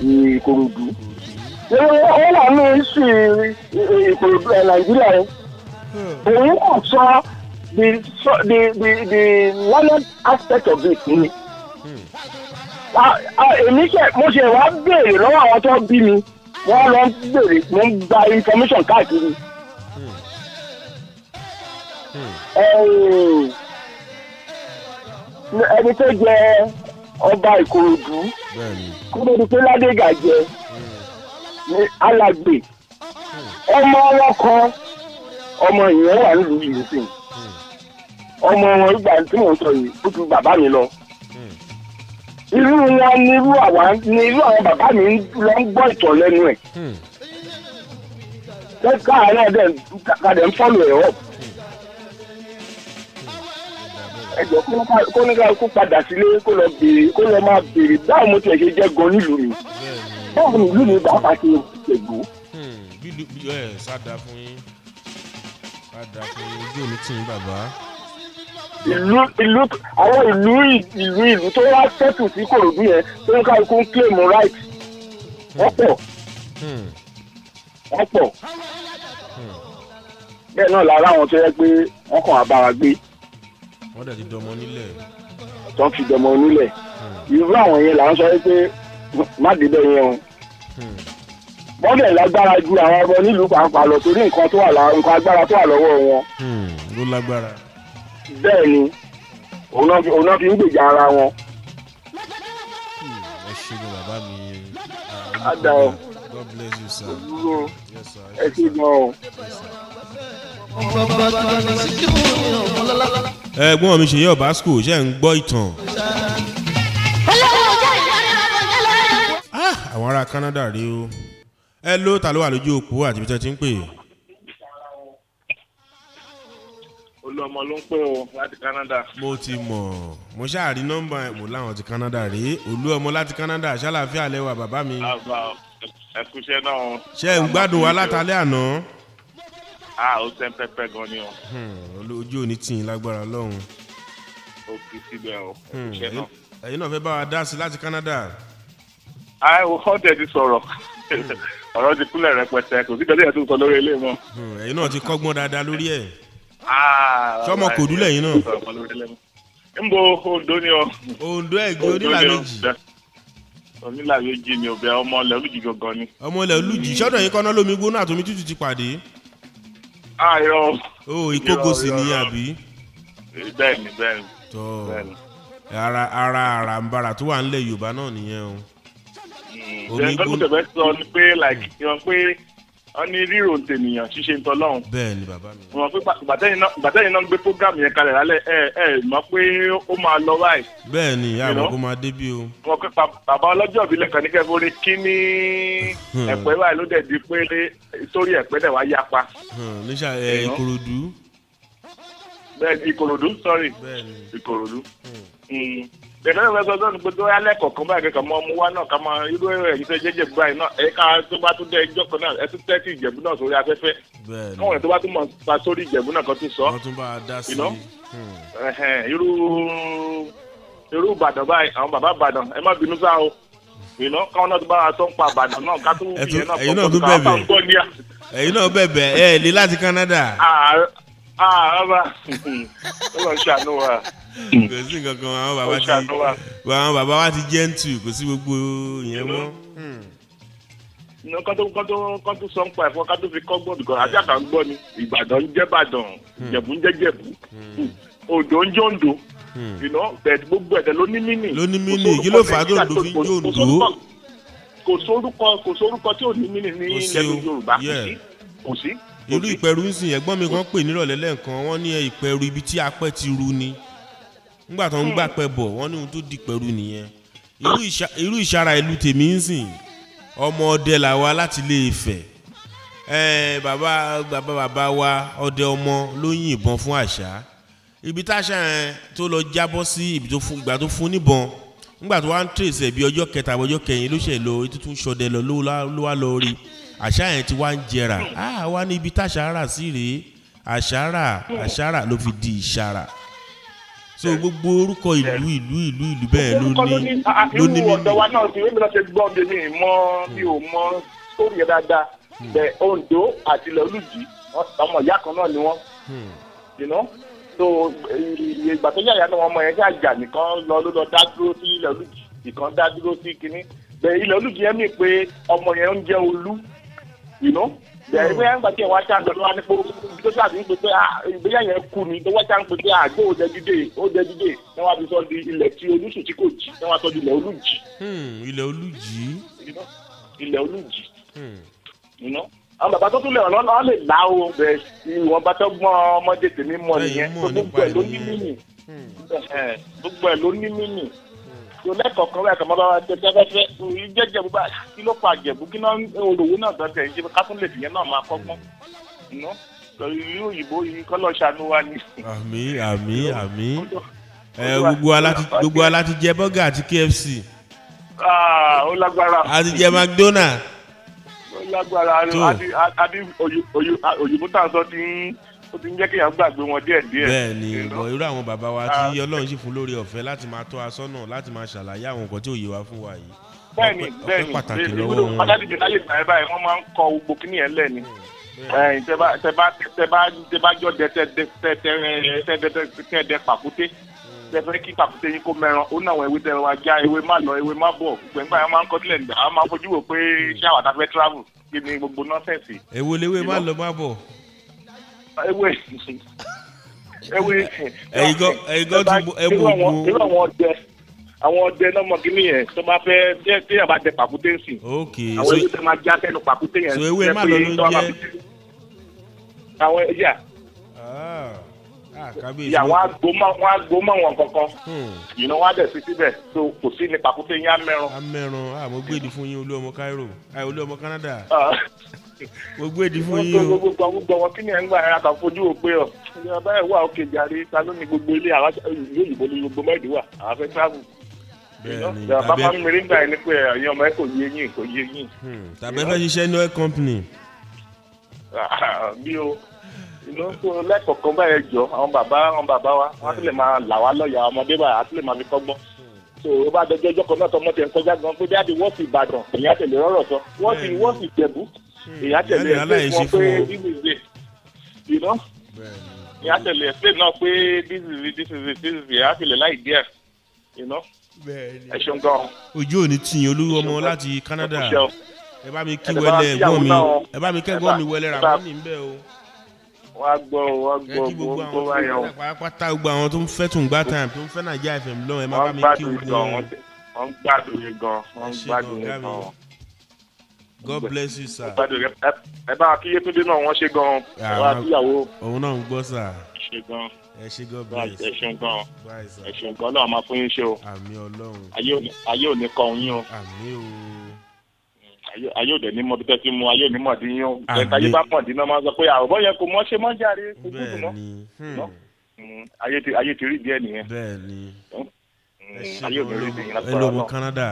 [SPEAKER 2] ìkòròdú ó wà ní ìṣù ìkòròdú ẹ̀ nàìjíríà yẹn òun kàn sọ the the the the learned aspect of it ni èmi ṣe mo ṣe wá béèrè lọ́wọ́ àwọn tó bí mi wọ́n lọ ń béèrè mo ń gba information káàkiri. ẹni tó jẹ ọba ìkòròdú kó ló di pé ládégà jẹ ní alágbè ọmọ wọn kan ọmọ ìyẹn wà nílùú yìí sí ọmọ wọn ìgbà tí mò ń sọ yìí ó ju bàbá mi lọ irú wọn ni irú àwa ni irú àwọn bàbá mi lọ ń gbọ́ ìtọ̀ lẹ́nu ẹ̀ hmm. kẹ́kẹ́ àárẹ̀ dẹ̀ kàdé ń fọ́lù ẹ̀ ọ́ ẹjọ́ kó ní kó padà sílé kó lọ béèrè kó lọ máa béèrè báwo mo tiẹ̀ ṣe jẹ́ gan nílùú mi báwo ni ìlú mi bàbá ṣe ṣègbó.
[SPEAKER 1] bí ẹ sáà fún yín sáà fún yín ojú òní tì í bàbá
[SPEAKER 2] ìlú ìlú àwọn ìlú ìlú ìlú tó wá tẹ́tù sí kòròdú yẹn tó ń kálukú ń claim right ọ̀pọ̀ hmm. ọ̀pọ̀ bẹ́ẹ̀ náà lára àwọn tó yẹ pé wọ́n kàn abára gbé.
[SPEAKER 1] wọ́n dẹ̀ ti dọmọ nílẹ̀.
[SPEAKER 2] tó ń fi dọmọ nílẹ̀ hmm. irú àwọn yẹn là ń sọ pé má débẹ̀ yẹn o hmm. wọ́n dẹ̀ lágbára ju àwọn ọmọ nílùú pàápàá lọ torí nǹkan tó wà lára nǹkan agbára tó wà lọ́wọ́ wọn.
[SPEAKER 1] ló lágbára bẹ́ẹ̀ ni òun
[SPEAKER 2] náà fi ń gbèjà ara wọn. Hmm,
[SPEAKER 1] ẹ ṣe ni bàbá mi ada o God bless you sir. ẹ ṣe gan o. ẹ̀gbọ́n mi ṣe yẹ ọba ṣe ń gbọ́ ìtàn. Ah, àwọn ará Canada rí o ẹ ló ta ló wà lójú òpó àti ibi tí wọ́n ti ń pè é. olú ọmọ ló ń pè o láti Canada. mo ti mọ̀ mo ṣáàrí nọ́mbà ẹ̀ mo láwọn ti Canada rí olú ọmọ láti Canada ṣàlàáfíà lẹ́wà bàbá mi. ẹkúṣẹ́ náà. ṣé ń gbádùn wa látàlẹ́ àná. a ó tẹ́ pẹ́pẹ́ gan ni o. Hmm, ojú òní tì í lágbára lọ́hùn. ó kì í síbẹ̀ o ẹkúṣẹ́ hmm, náà. ẹ̀yin náà fẹ́ bá wa dá sí láti Canada. a ò tẹ̀ ti sọ̀rọ̀ hmm. ọ̀rọ̀ ti kúlẹ̀ rẹpẹtẹ
[SPEAKER 2] kò sí kẹ́lẹ́yà tó ń sọ lórí ilé mọ́.
[SPEAKER 1] ẹ̀yin náà ti kọ́gbọ́n dáadáa lórí ẹ̀ sọmọ ah, kò dúlẹ̀ yín náà. n bo ondo ni o. ondo ẹgbẹ́ onílà méjì. onílà méjì mi ò bẹ ọmọ ilẹ̀ olùjì gangan ni. ọmọ ilẹ̀ olùjì sọ́dọ̀ yín kọ́ná lómi gbóná àtomi tútù ti pàdé. ayọ̀. Ah, o ìkógòsì ni àbí. bẹ́ẹ̀ni bẹ́ẹ̀ni. tọ́ ara ara àràǹbarà tó wà nílẹ̀ yorùbá náà nìyẹn o. omi gbóná. ìjọba tó tẹ̀
[SPEAKER 2] fẹ́ sọ ni pé like ìwọ̀n pé wọ́n ní ríro tènìyàn ṣíṣe ń tọ́lọ́hún.
[SPEAKER 1] bẹ́ẹ̀ni bàbá mi.
[SPEAKER 2] wọ́n pé gbàtẹ́yìn náà gbé programu yẹn kalẹ̀ lálẹ́ ẹ ẹ mọ̀ pé ó máa lọ báyìí.
[SPEAKER 1] bẹ́ẹ̀ni àwọn kò máa débí o.
[SPEAKER 2] wọ́n pé bàbá ọlọ́jọ́ ìbílẹ̀ kan ní kẹ́kọ̀ọ́ ní kíní hmm. ẹ̀pẹ́ báyìí ló dẹ̀ di pé sórí ẹ̀pẹ́ dẹ̀ wá yapa.
[SPEAKER 1] Hmm, níṣà ẹ ìkòròdú.
[SPEAKER 2] bẹ́ẹ̀ni ìkòròdú sorry ìkòròdú. Hmm bẹ̀rẹ̀ náà fẹ́ sọ́dọ̀ ní gbogbo alẹ́ kọ̀ọ̀kan báyìí kẹ́kọ̀ọ́ mọ́ ọmú wa náà ká máa irú ẹ̀yìn tó jẹ́jẹ́ báyìí náà ẹ̀ka tó bá tún dé ẹjọ́ kan náà ẹ tún tẹ́tí ìjẹ̀bú náà sórí afẹ́fẹ́ káwọn ẹ̀ tó bá tún mọ̀ pa sórí ìjẹ̀bú náà kan tún sọ hmm. irú irú Ìbàdàn báyìí àwọn bàbá Ìbàdàn ẹ má bínú sáà o ìná káwọn náà tó bá wa tó ń pa Ìbàdàn náà ká
[SPEAKER 1] tún Canada. Ah, ọba ah, ọba ṣàánú wa. kò sí nǹkan kan àwọn bàbá ti àwọn bàbá wa ti jẹ́ǹtù kò sí gbogbo ìyẹn mọ́
[SPEAKER 2] hmm. kọ́tó kọ́tó kọ́tó sọ́npa ẹ̀fọ́ kọ́tó fi kọ́ gbọ́dọ̀ kan àti àkà ń gbọ́ ni ìbàdàn ń jẹ́ bàdàn hmm. jẹ̀bú ń jẹ́ jẹ̀bú òdò hmm. ń jẹ́ òǹdó ìná bẹ̀ẹ̀ gbogbo ẹ̀dẹ̀ ló ní mínì. ló ní mínì kí ló fà á tó ń do fi jó òǹdó. kò sórúkọ kò sórúkọ tí ò ní mínì ní ilẹ̀ yorùbá
[SPEAKER 1] kò sí kò sí ìlú ìpẹ̀rù ń sìn ẹ̀gbọ́n mi kan pè nírọ̀lẹ́ lẹ́ẹ̀kan wọ́n ní ìpẹ̀rù ibi tí apẹ́ ti ru ni nígbà tó ń gbàpẹ́ bọ̀ wọ́n ní ohun tó di pẹ̀rù nìyẹn irú ìṣara ìlú tèmi ń sìn ọmọ ọdẹ làwa láti lè fẹ̀ ẹ bàbá bàbá bàbá wa ọdẹ ọmọ ló yìnbọn fún àṣà ibi táṣà yẹn tó lọ jábọ́ sí ibi tó fún ìgbà tó fún níbọn nígbà tó wá ń tèrèsè bí ọjọ́ kẹta ọjọ́ kẹyìn ló ṣe lọ ètò tó ṣọdẹ lọ ló wá lọ rí i àṣà yẹn ti wá ń jẹrà á ah, wá ní ibi táṣàrà sí rèé àṣàrà àṣàrà ló fi di ìṣàrà so gbogbo orúkọ ìlú ìlú ìlú ìlú bẹ́ẹ̀ ló ní ló ní mímí. irú ọ̀dọ̀ wa náà ti
[SPEAKER 2] wíwí lọ́sẹ̀ gbọ́ ọ́n mi mọ́ mi ò mọ sórí ẹ̀ dáadáa hmm. bẹ̀ Ondo àti lọ́lùjì ọmọ ìyá kan náà ni wọ́n
[SPEAKER 3] hmm.
[SPEAKER 2] so ìgbà tó yàyà náà wọn mọ yẹn kí àjà nìkan lọ ló lọ dá dúró sí ilẹ̀ olùjì nìkan dá dúró sí kínní bẹ́ẹ̀ ilẹ̀ olùjì yẹn mì pé ọmọ yẹn ń jẹ́ olú you know bẹ́ẹ̀ bí wọ́n gbà tí ẹ̀ wá ṣáà lọ́nà ní kóró tó ṣáà ti ń pè pé ìgbéyà yẹn kú ni tó wá ṣáà ń pè pé àgbẹ̀ ó dẹjú dé ó dẹjú dé ní wọ́n á fi sọ di ilẹ̀ tí olùsùn tí kò jì ní wọ́n á sọ di ilẹ̀ olùjì. Hmm, ilẹ̀ olùjì. ilẹ̀ olùjì. Hmm. àwọn bàbá tó tún lè ọ̀nà náà lè là ó bẹ̀ ìwọ̀n bá gbọ́n ọmọdé tèmi mọ nìyẹn hmm. gbogbo ẹ̀ ló ní mímì tó lẹ́kọ̀ọ̀kan wẹ̀ kàmọ́ bá wa jẹ fẹ́fẹ́fẹ́ òyìn jẹ́jẹ́ bó bá kí ló pa àjẹ̀bú kí náà olówó náà dọ̀tẹ̀ ṣe ká tún lè fìyẹn náà máa kọ́gbọ́n nù ìlú òyìnbó yìí kọ́ lọ́ọ́ ṣàánú wa ni.
[SPEAKER 1] àmín àmín àmín gbogbo aláti jẹ bọ́gà àti KFC.
[SPEAKER 2] Ah, ó lágbára. àti jẹ
[SPEAKER 1] McDonald.
[SPEAKER 2] ó lágbára àti òyìnbó tà ti ń ó ti ń jẹ́ kéèyàn gbàgbé wọn díẹ̀ díẹ̀. bẹ́ẹ̀ ni
[SPEAKER 1] ìwọ irú àwọn bàbá wa tí ah. Ọlọ́run sì fún lórí ọ̀fẹ́ láti máa tọ́ aṣọ́nà láti máa ṣàlàyé àwọn nǹkan tí ò yé wa fún wa yìí.
[SPEAKER 2] bẹ́ẹ̀ni bẹ́ẹ̀ni pàtàkì lọ́wọ́ wọn. ìwúlò pàtàkì jẹ láyé báyìí báyìí wọn máa ń kọ gbogbo kíní yẹn lẹ ni. tẹ bá jọ dẹ tẹ dẹ pàkúté hmm. tẹ fẹ́ kí pàkúté yín kó mẹran ó náà wọn ewé tẹ wá já ewé má lọ ewé má bọ̀ gbẹ̀ngbà yẹn máa ń kọ́ sílẹ̀ nígbà á máa fojú wò pé hmm. ṣáwàdà fẹ́ travel kí ni gbogbo nọ́ọ̀sẹ̀sì.
[SPEAKER 1] èwo lewé má lọ má bọ̀
[SPEAKER 2] ewé ewé ẹ̀yìngọ́ ẹ̀yìngọ́ ti ẹ̀bù ògùn. irú àwọn àwọn ọdẹ náà mọ kí nìyẹn tó bá fẹ́ téèyàn bá dẹ pàkúté sí.
[SPEAKER 1] ok àwọn ewé
[SPEAKER 2] tó máa já sẹ́nu pàkúté yẹn. so ewé má lọ ló ń jẹ. àwọn ẹja. Ah. Ah, ìyá wọn agbómọ wọn agbómọ wọn kankan yìnyín wọn adẹ sí síbẹ̀ tó kò sí ní pàkúté yín
[SPEAKER 1] amẹrun. amẹrun a mo gbèdì fún yín olú ọmọ Cairo àì ah, olú ọmọ Canada ah. mo gbèdì fún yín o. gbogbo
[SPEAKER 2] gbogbo gbogbo kí ni ẹ ń gbà ẹ̀ka fojú o pé ọ ìjọba ẹ̀ wà òkè jàre ta ló ní gbogbo ilé àwọn ìlú òyìnbó ní gbogbo mẹ́ẹ̀dì wà àwọn fẹ́ travel
[SPEAKER 1] bẹ́ẹ̀ni tàbí bàbá
[SPEAKER 2] mi rí gbà yín pé ẹ̀yin ọmọ ẹ kò yé yín kò yé yín. Hmm.
[SPEAKER 1] tàbí ẹ fẹ́ ṣiṣẹ́ ní oil company.
[SPEAKER 2] bí o lóko lẹ́kọ̀ọ̀kan báyẹn jọ àwọn bàbá àwọn bàbá wa wọ́n ti lè máa là wá lọ́yà ọmọdé báyà á ti lè máa fi kọ́gbọ́n so ó bá dọjọ́ ọjọ́ kan náà tọmọ tẹ̀ ń kọjá gan pé dáàdi wọ́n sì Ìbàdàn èèyàn tẹ̀lé rọ́rọ̀ sọ wọ́n sì wọ́n sì Jẹ̀bú èèyàn tẹ̀lé ẹ̀ wọ́n pé bíbélì èèyàn tẹ̀lé ẹ̀ pé náà pé bíbélì bíbélì bíbélì èèyàn tẹ̀lé láì díẹ̀ ẹ ṣeun gan.
[SPEAKER 1] ojú ò ní tìyìn olúwo ọmọ láti Canada ẹ bá mi kí wẹlẹ ẹ̀gbọ́n mi ẹ bá mi kẹgbọn mi wẹlẹ rà mọ ní bẹ o wá gbọ́ wá gbọ́ mo ń gbọ́ wáyà o. pátá gbogbo àwọn tó ń fẹ́ tún gbá time tó ń fẹ́ nàìjíríà fm lọ́wọ́ ẹ má bá mi kí o gan. wọ́n gbádùn yín gan wọ́n gbádùn yín gan. God bless you sir.
[SPEAKER 2] ẹ bá akíyé tó dé náà wọ́n ṣe gan
[SPEAKER 1] ẹ wá síyàwó. òun náà ń gbọ́ sà. ṣe gan ẹ ṣe
[SPEAKER 2] God bless. ẹ ṣeun gan ẹ ṣeun gan Ọlọ́run máa fún yín ṣe o. àmín Ọlọ́run. ayé ò ní kọ yín o. àmín o ayé òde ní mọbi tẹ́tí mu ayé òní mọ̀dí yín o ayé bá mọ̀dí náà máa sọ pé àrùbọ̀ yẹn kò mọ́ ṣe mọ́ jàre kò gbúdù mọ́ hmm. Hmm. ayé ti rí díẹ̀ nìyẹn hmm. ayé òde rí díẹ̀ lápá ọlọ́wọ́
[SPEAKER 1] Canada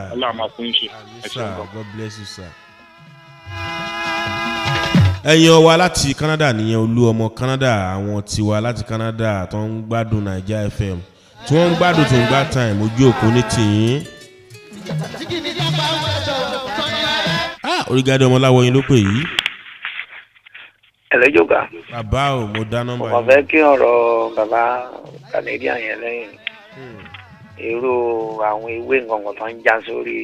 [SPEAKER 1] God bless you sir. ẹ̀yin ọwa láti Canada nìyẹn olú ọmọ Canada àwọn tiwa láti Canada tó ń gbádùn Naija FM tí wọ́n ń gbádùn tó ń gbá time ojú òkun ní tìyín orígádé ọmọláwọyìn ló pè yìí. ẹlẹ́jọba. bàbá o mo dá nọ́mbà yìí.
[SPEAKER 4] ọ̀fẹ́ kí ọ̀rọ̀ bàbá canadian yẹn lẹ́yìn hmm. irú àwọn ewé nǹkan tó ń já sórí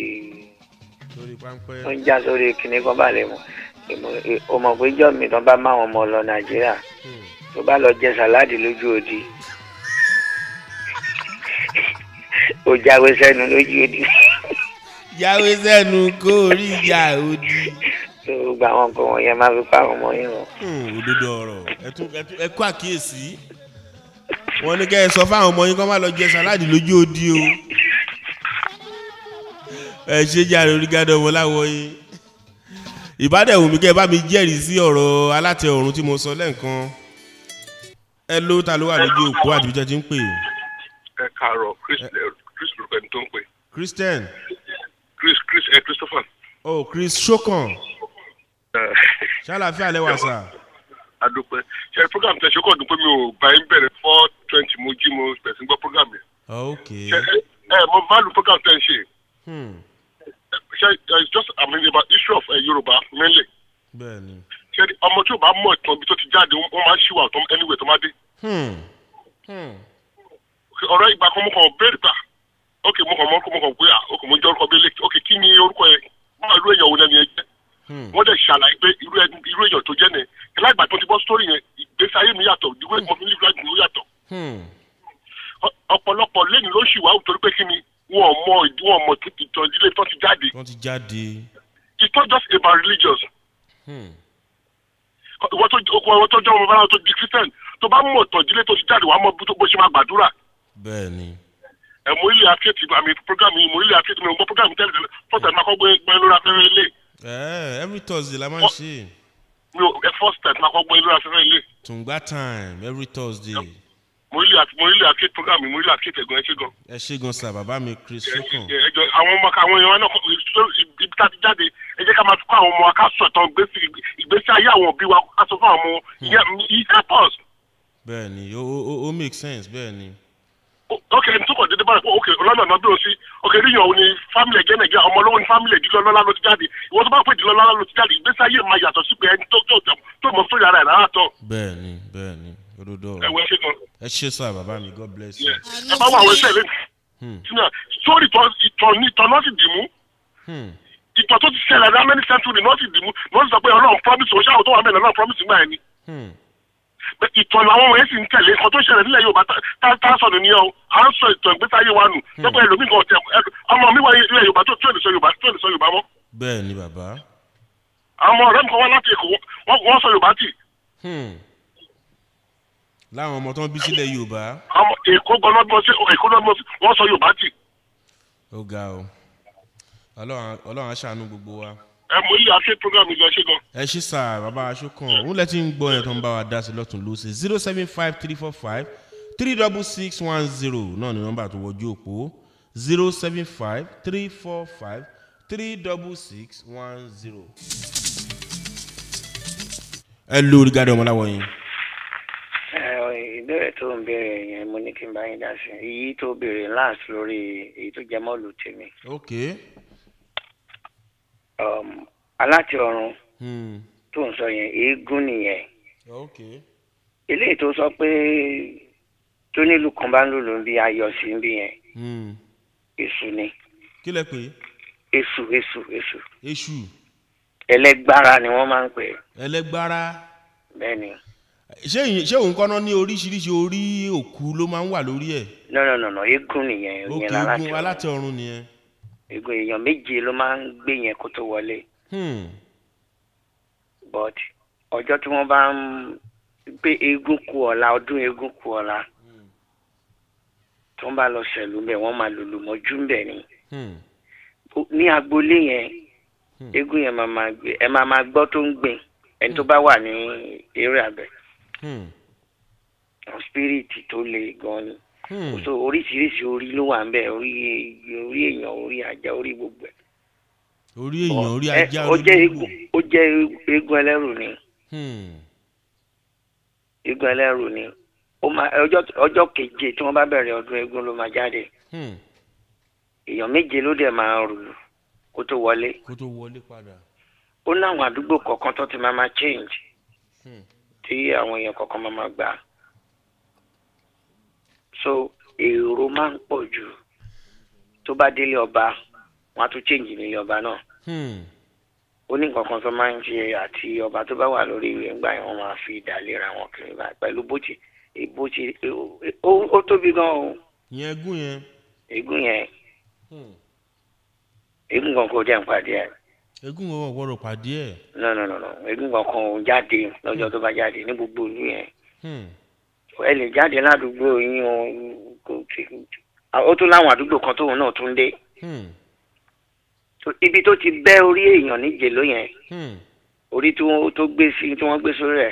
[SPEAKER 4] tó ń já sórí kinní kan bá lè mọ̀ ọmọ péjọ mi tó bá máwọn ọmọ lọ nàìjíríà hmm. tó bá lọ jẹ sàláàdì lójú odi ó jáwé sẹ́nu lójú odi yàwé sẹ́nu kó orí ìyá òdi. tó gba àwọn nǹkan wọn yẹn máa fi pa àwọn ọmọ yẹn
[SPEAKER 1] wọn. Hmm, òdodo ọ̀rọ̀ ẹ kú àkíyèsí wọn ní kẹ́ ẹ sọ fáwọn ọmọ yín kó má lọ jẹ sàláàdì lójú òdi o ẹ ṣe jàre orígádọ ọmọ láwọn yín ìbádẹ́wò mi kẹ́ ẹ bá mi jẹ́rìí sí ọ̀rọ̀ alátẹ ọ̀run tí mo sọ lẹ́ǹkan ẹ ló ta ló wà lójú òpó àdìbíjẹ́ ti ń pè.
[SPEAKER 5] ẹ kàárọ̀ chris lórúkọ
[SPEAKER 1] tó ń pè. christian.
[SPEAKER 5] Chris Chris eh, Christopher.
[SPEAKER 1] oh Chris Shokan. Eh. ṣàlàfíà lẹ́wà sá.
[SPEAKER 5] adúpẹ́ ṣe program tẹ ṣokàn dúpẹ́ mi ò bá yín bẹ̀rẹ̀ four twenty mo jí mo pẹ̀sìn gbọ́ program yẹn. ok ṣe eh, ẹ eh, mo value program tẹ n ṣe. Hmm. ṣe ẹ just àmì ìyẹn issue of Yorùbá mainly. bẹ́ẹ̀ni. ṣe ọmọ tí o bá mọ̀ ìtàn bí tó ti jáde wọ́n máa ń ṣíwà anywhere tó máa dé.
[SPEAKER 3] Hmm. Hmm.
[SPEAKER 5] ọ̀rọ̀ ìgbà kan mo kàn béèrè gbà ok mo kàn mọ ọkọ mo kàn pé ah ok mo jẹ orúkọ bẹ́ẹ̀ lẹkì ok kí ni orúkọ yẹn báwo irú èèyàn wo lẹni ẹ jẹ hmm. wọn dẹ ṣàlàyé pé irú èèyàn tó jẹ nìyẹn láìpẹ́ tó ti bọ́ sórí yẹn ìgbésí ayé mi yàtọ̀ ìdíwé mo hmm. fi ní ìlú àgbègbè yàtọ̀ hmm. ọ̀pọ̀lọpọ̀ lẹ́yìn ló ṣì wá torí pé kí ni wọn mọ wọn mọ ìtàn ìdílé tó ti jáde. wọ́n ti jáde. it's not just about religious. ìwọ tó ìwọ tó jẹ́ ọmọ bára tó di christian tó bá mọ̀ ìtàn ìdílé tó ti jáde wàá mọ bó ṣe máa gbàdúrà. bẹ́ẹ̀ni mo ilé akéètì àmì program yìí mo ilé akéètì mi ò gbọ́ program tẹ́lẹ̀ tẹ́lẹ̀ first time akọ́gbé gbẹ́ lórí afẹ́fẹ́ ilé.
[SPEAKER 1] every Thursday la máa ń ṣe.
[SPEAKER 5] mi ò first time akọ́gbé lórí afẹ́fẹ́ ilé.
[SPEAKER 1] tùǹgbà time every Thursday.
[SPEAKER 5] mo ilé mo ilé akéètì program yìí mo ilé akéètì ẹ̀gbọ́n ẹ ṣé gan.
[SPEAKER 1] ẹ ṣé gan sir bàbá mi Chris Okan. ẹ
[SPEAKER 5] jọ àwọn ọmọ àwọn èèyàn náà ibi tá a ti jáde ẹ jẹ́ ká máa kọ́ àwọn ọmọ akásọ̀ tán ìgbésí ayé àwọn òbí wa aṣọ fún àwọn ọmọ bẹ́ẹ̀ni
[SPEAKER 1] o o o make sense bẹ́ẹ̀ni
[SPEAKER 5] ok ẹni tó kàn déédéé bára pé ok ọlọ́nà náà dúró sí ok ríyàn òun ni family ẹ̀jẹ̀ nàìjíríà ọmọ olówó ni family ẹ̀jẹ̀ lọ́lá ló ti jáde ìwọ tó bá pè jù lọ́lá ló ti jáde ìgbésí ayé máa yàtọ̀ sí pé ẹni tó tó tó mọ sórí ara ẹ̀ rárá tọ̀.
[SPEAKER 1] bẹẹni bẹẹni rodo ẹ ṣe sọ bàbá mi god bless you.
[SPEAKER 5] ẹ bá wà àwọn ẹsẹ lẹ́nu hmm. sórí ìtọ̀ náà sì dì mú hmm. ìtọ̀ tó ti ṣẹlẹ̀ ní amẹ́ni century náà sì dì mú náà sì sọ pé ọlọ́run promise òṣàwọ̀ tó wà mẹ́rin ọlọ́run promise gbà ẹni. Hmm ìtọ̀lù àwọn ọmọ yẹn sì ń tẹ̀lé nǹkan tó ṣẹlẹ̀ nílẹ̀ Yorùbá tá a sọ̀nù nìyẹn o à ń sọ ìtàn ìgbésí ayé wa nù lọ́pọ̀ hmm. ẹlòmíì kan ọ̀tẹ̀ ọmọ mi wà nílẹ̀ Yorùbá tó tó ènìsọ Yorùbá tó ènìsọ Yorùbá mọ́.
[SPEAKER 1] bẹ́ẹ̀ ni bàbá.
[SPEAKER 5] àwọn ọ̀rẹ́ mi kan wá láti Èkó wọ́n sọ Yorùbá tì.
[SPEAKER 1] Hmm. láwọn ọmọ tó ń bí sílẹ̀ Yorùbá.
[SPEAKER 5] Èkó gan lọ́gbọ́n sí
[SPEAKER 1] Èkó
[SPEAKER 5] ẹ mọ yìí àti program
[SPEAKER 1] ìgbà ṣe gan. ẹ ṣí sá bàbá aṣọkan òun lẹ ti ń gbọ́ yẹn tó ń bá wa dá sí lọ́tún lóṣè zero seven five three four five three double six one zero náà ni nọ́mbà tó wọjú òpó zero seven five three four five three double six one zero. ẹ lo orígádé ọmọláwọ yẹn.
[SPEAKER 4] ìbéèrè tó ń béèrè yẹn mo ní kí n bá yín dá sí i èyí tó béèrè last lórí èyí tó jẹ mọ́ọ̀lù tèmi. okay. Um, aláti ọ̀run hmm. tó ń sọ yẹn eégún nìyẹn eléyìí tó sọ pé tó nílùú kan bá ń lò ló ń bí ayọ̀ sí ń bí yẹn hmm. èṣù ni. kí lẹ pè é. èṣù èṣù èṣù. èṣù. ẹlẹgbára ni wọ́n máa ń pè é. ẹlẹgbára. bẹ́ẹ̀ni.
[SPEAKER 1] ṣé ṣé òun kọ́ná ní oríṣiríṣi orí òkú ló máa ń wà lórí ẹ̀.
[SPEAKER 4] nọ́nọ́nọ́nọ́ eégún nìyẹn. òkè eégún alátẹ ọ̀run nìyẹn igun èèyàn méje ló máa ń gbé yẹn kó tó wọlé. Hmm. but ọjọ́ tí wọ́n bá ń gbé eégún kù ọ̀la ọdún eégún kù ọ̀la hmm. tó ń bá lọ sẹ̀lú bẹ́ẹ̀ wọ́n máa lòlò mọ́jú bẹ́ẹ̀ ni. Hmm. ní agboolé yẹn eégún yẹn ẹ máa máa gbọ́ tó ń gbìn ẹni tó bá wà ní eré abẹ. spirit tó le gan ni. Hmm. Hmm. so oríṣiríṣi orí ló wà ń bẹ orí orí èèyàn orí ajá orí gbogbo ẹ.
[SPEAKER 3] orí èèyàn orí
[SPEAKER 4] ajá orí gbogbo ẹ. ẹlẹ́rù ni. O hmm. ẹlẹ́rù ni ọjọ́ keje tí wọ́n bá bẹ̀rẹ̀ ọdún eégún ló máa jáde. Hmm. èèyàn méje ló dẹ̀ máa rù kó tó wọlé. kó
[SPEAKER 1] tó wọlé padà.
[SPEAKER 4] ó ti máa change. àwọn èèyàn so èrò máa ń pọ̀ jù tó bá délé ọba wọn á tún change nílé ọba náà hmm. ó ní nǹkan kan tó máa ń ṣe àti ọba tó bá wà lórí ìwé ńgbà yẹn wọn máa fi ìdálẹ́ra wọn kiri báyìí pẹ̀lú bó ti bó ti ó tóbi gan o.
[SPEAKER 1] ìyẹn egún yẹn.
[SPEAKER 4] egún yẹn hmm. egún kan kò jẹ́ ìpàdé ẹ̀.
[SPEAKER 1] Egun kan kò gbọ́dọ̀ pàdé ẹ̀.
[SPEAKER 4] no no no no egún kan kan jáde lọ́jọ́ tó bá jáde ní gbogbo ìlú yẹn. Hmm ẹ lè jáde ládùúgbò yín o ó tún láwọn àdúgbò kan tóun náà tún dé hmm. ibi tó ti bẹ́ orí èèyàn níje ló yẹn hmm. orí tí wọ́n tó gbé sí tí wọ́n gbé sórí rẹ̀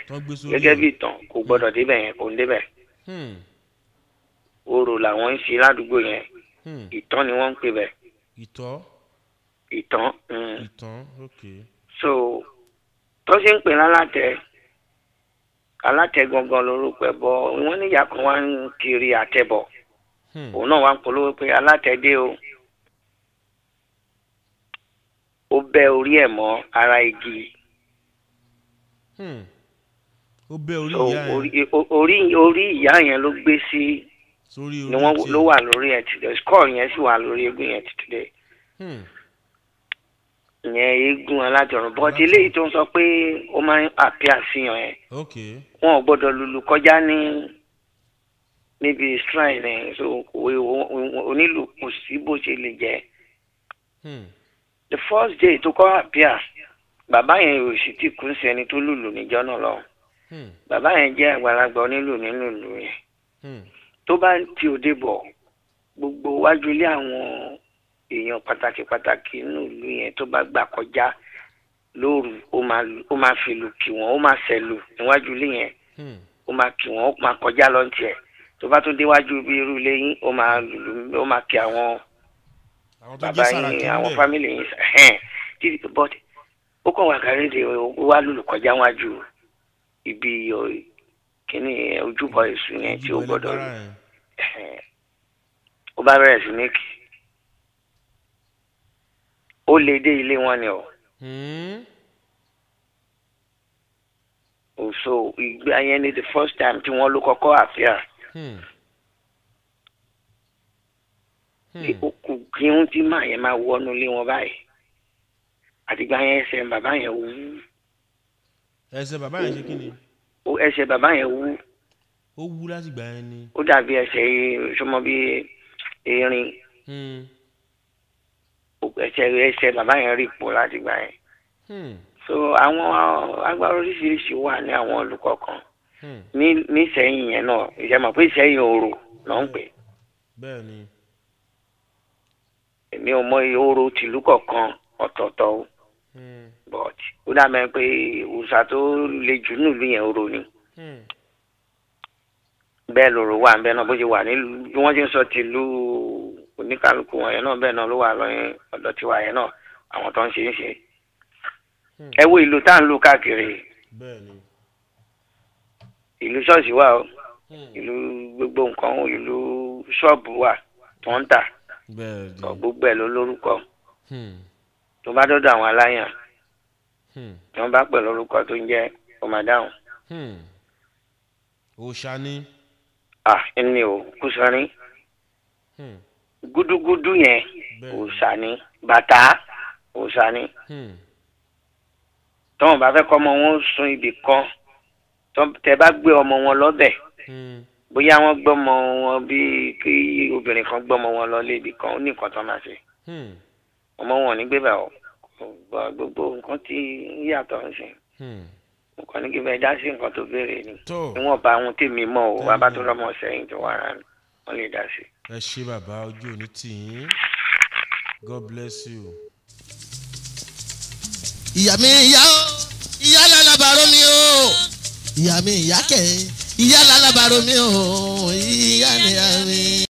[SPEAKER 4] gẹ́gẹ́ bí ìtàn kò gbọ́dọ̀ hmm. débẹ̀ yẹn kò ń débẹ̀ orò làwọn ń ṣe ládùúgbò yẹn ìtàn ni wọ́n ń pè bẹ̀. ìtọ́. ìtàn. ìtàn ok. so tó ṣe ń pè lálátẹ alátẹ̀gangan lorúkọ ẹ̀ bọ́ wọ́n níyà kan wá ń kiri àtẹ̀bọ̀ hmm. òun náà wá ń polówó pé alátẹ̀dé o ó bẹ́ orí ẹ̀ mọ́ ara igi.
[SPEAKER 1] Hmm. ó bẹ́ orí ìyá
[SPEAKER 4] yẹn. orí ìyá yẹn ló gbé sí ni wọ́n ló wà lórí ẹ̀ tìdẹ̀ skọ́ọ̀ yẹn sì wà lórí egun yẹn tìdẹ̀ ìyẹn eégún alájọrùn but eléyìí tó ń sọ pé ó máa ń àpí àfihàn ẹ wọn ò gbọ́dọ̀ lùlù kọjá ní níbi shrine ẹ so onílù kò sí bó ṣe lè jẹ hmm. the first day tó kọ́ àpíà bàbá yẹn ò sì ti kún sí ẹni tó lùlù níjọ́ náà lọ hmm. bàbá yẹn jẹ́ àgbàlagbà onílù nínú ìlú yẹn hmm. tó bá ti òde bọ̀ gbogbo wájú ilé àwọn èèyàn pàtàkì pàtàkì nínú ìlú yẹn tó bá gbà kọjá lóru ó máa fi lù kì wọ́n ó máa ṣẹ̀lù níwájú ilé yẹn hmm. ó máa kì wọ́n ó máa kọjá lọ́ntì ẹ̀ tó bá tún déwájú bí irú ilé yín ó máa lùlù ó máa kí àwọn bàbá yín àwọn fámìlì yín ẹ̀hẹ́n títí bọ́tì ó kàn wà kárìndé wá lùlù kọjá wájú ibi kíní ojúbọ èṣù yẹn tí ó gbọ́dọ̀ rí ó bá bẹ̀rẹ̀ sí ní kí ó lè dé ilé wọn ni o. Hmm? Oh, so ìgbà yẹn ni the first time tí wọ́n ló kọ́kọ́ àfíà.
[SPEAKER 3] Hmm.
[SPEAKER 1] Hmm. ó
[SPEAKER 4] kù kí wọ́n ti máa yẹn máa wọnú ilé wọn báyìí àtìgbà yẹn ẹsẹ̀ bàbá yẹn wú.
[SPEAKER 1] ẹsẹ̀ bàbá yẹn ṣe kí ni.
[SPEAKER 4] ẹsẹ̀ bàbá yẹn wú. ó wú látìgbà yẹn ni. ó dàbí ẹsẹ̀ sọmọ bíi erin. Hmm ẹsẹ̀ ẹsẹ̀ bàbá yẹn rí ipò láti gbà yẹn hmm. so àwọn agbára oríṣiríṣi wà ní àwọn olùkọ́ kan hmm. ní nísẹ̀yìn yẹn náà ìṣẹ̀mọ̀ pé ìṣẹ̀yìn òru ló ń pè. bẹ́ẹ̀ni. èmi ò mọ ìhòòrò tìlú kọ̀ọ̀kan ọ̀tọ̀ọ̀tọ̀ o hmm. but ó dà mẹ́rin pé òòṣà tó le jù nílùú yẹn òru ni bẹ́ẹ̀ lòrò wà ń bẹ́ẹ̀ náà bó ṣe wà nílùú bí wọ́n ṣe ń sọ tìlú oníkálukú wọn yẹn náà bẹ́ẹ̀ náà ló wà lọ́yìn ọ̀dọ̀ tiwa yẹn náà àwọn tó ń ṣe é ṣe. Hmm. ẹ wo ìlú tá à ń lò káàkiri ìlú ṣọ́ọ̀ṣì wà o hmm. ìlú gbogbo nǹkan ìlú ṣọ́ọ̀bù wà tó ń tà gbogbo ẹ̀ ló lórúkọ hmm. tó bá dọ́dọ̀ àwọn aláyàn tó ń bá pẹ̀lú orúkọ tó ń jẹ́ ọmọdáhùn. òòṣà ni. ah ẹni o kúsọ ni. Hmm gúdúgúdú yẹn òòṣà ni bàtà òòṣà ni hmm. tọ́wọ́n bá fẹ́ kọ́ ọmọ wọn sun ibì kan tẹ́ bá gbé ọmọ wọn lọ́bẹ̀ hmm. bóyá wọ́n gbọ́mọ wọn bíi kí obìnrin kan gbọ́mọ wọn lọ lébi kan ó ní nǹkan tó máa ṣe hmm. ọmọ wọn ò ní gbé bẹ̀ ọ́ gbogbo nǹkan tí ń yàtọ̀ ń sìn mo kàn ní kí bẹ́ẹ̀ dá sí nǹkan tó béèrè ni níwọ̀n bá ohun tèmi mọ̀ ò bàbá tó lọ́mọ sẹ́yìn tó wà rà ni wọ́n lè dá sí i
[SPEAKER 1] ẹ ṣé bàbá ojú òní tìyín god bless you.
[SPEAKER 4] ìyá mi ìyá o ìyá lálàbàrò mi o ìyá mi ìyá kẹ ìyá lálàbàrò mi o ìyá mi ìyá
[SPEAKER 3] mi.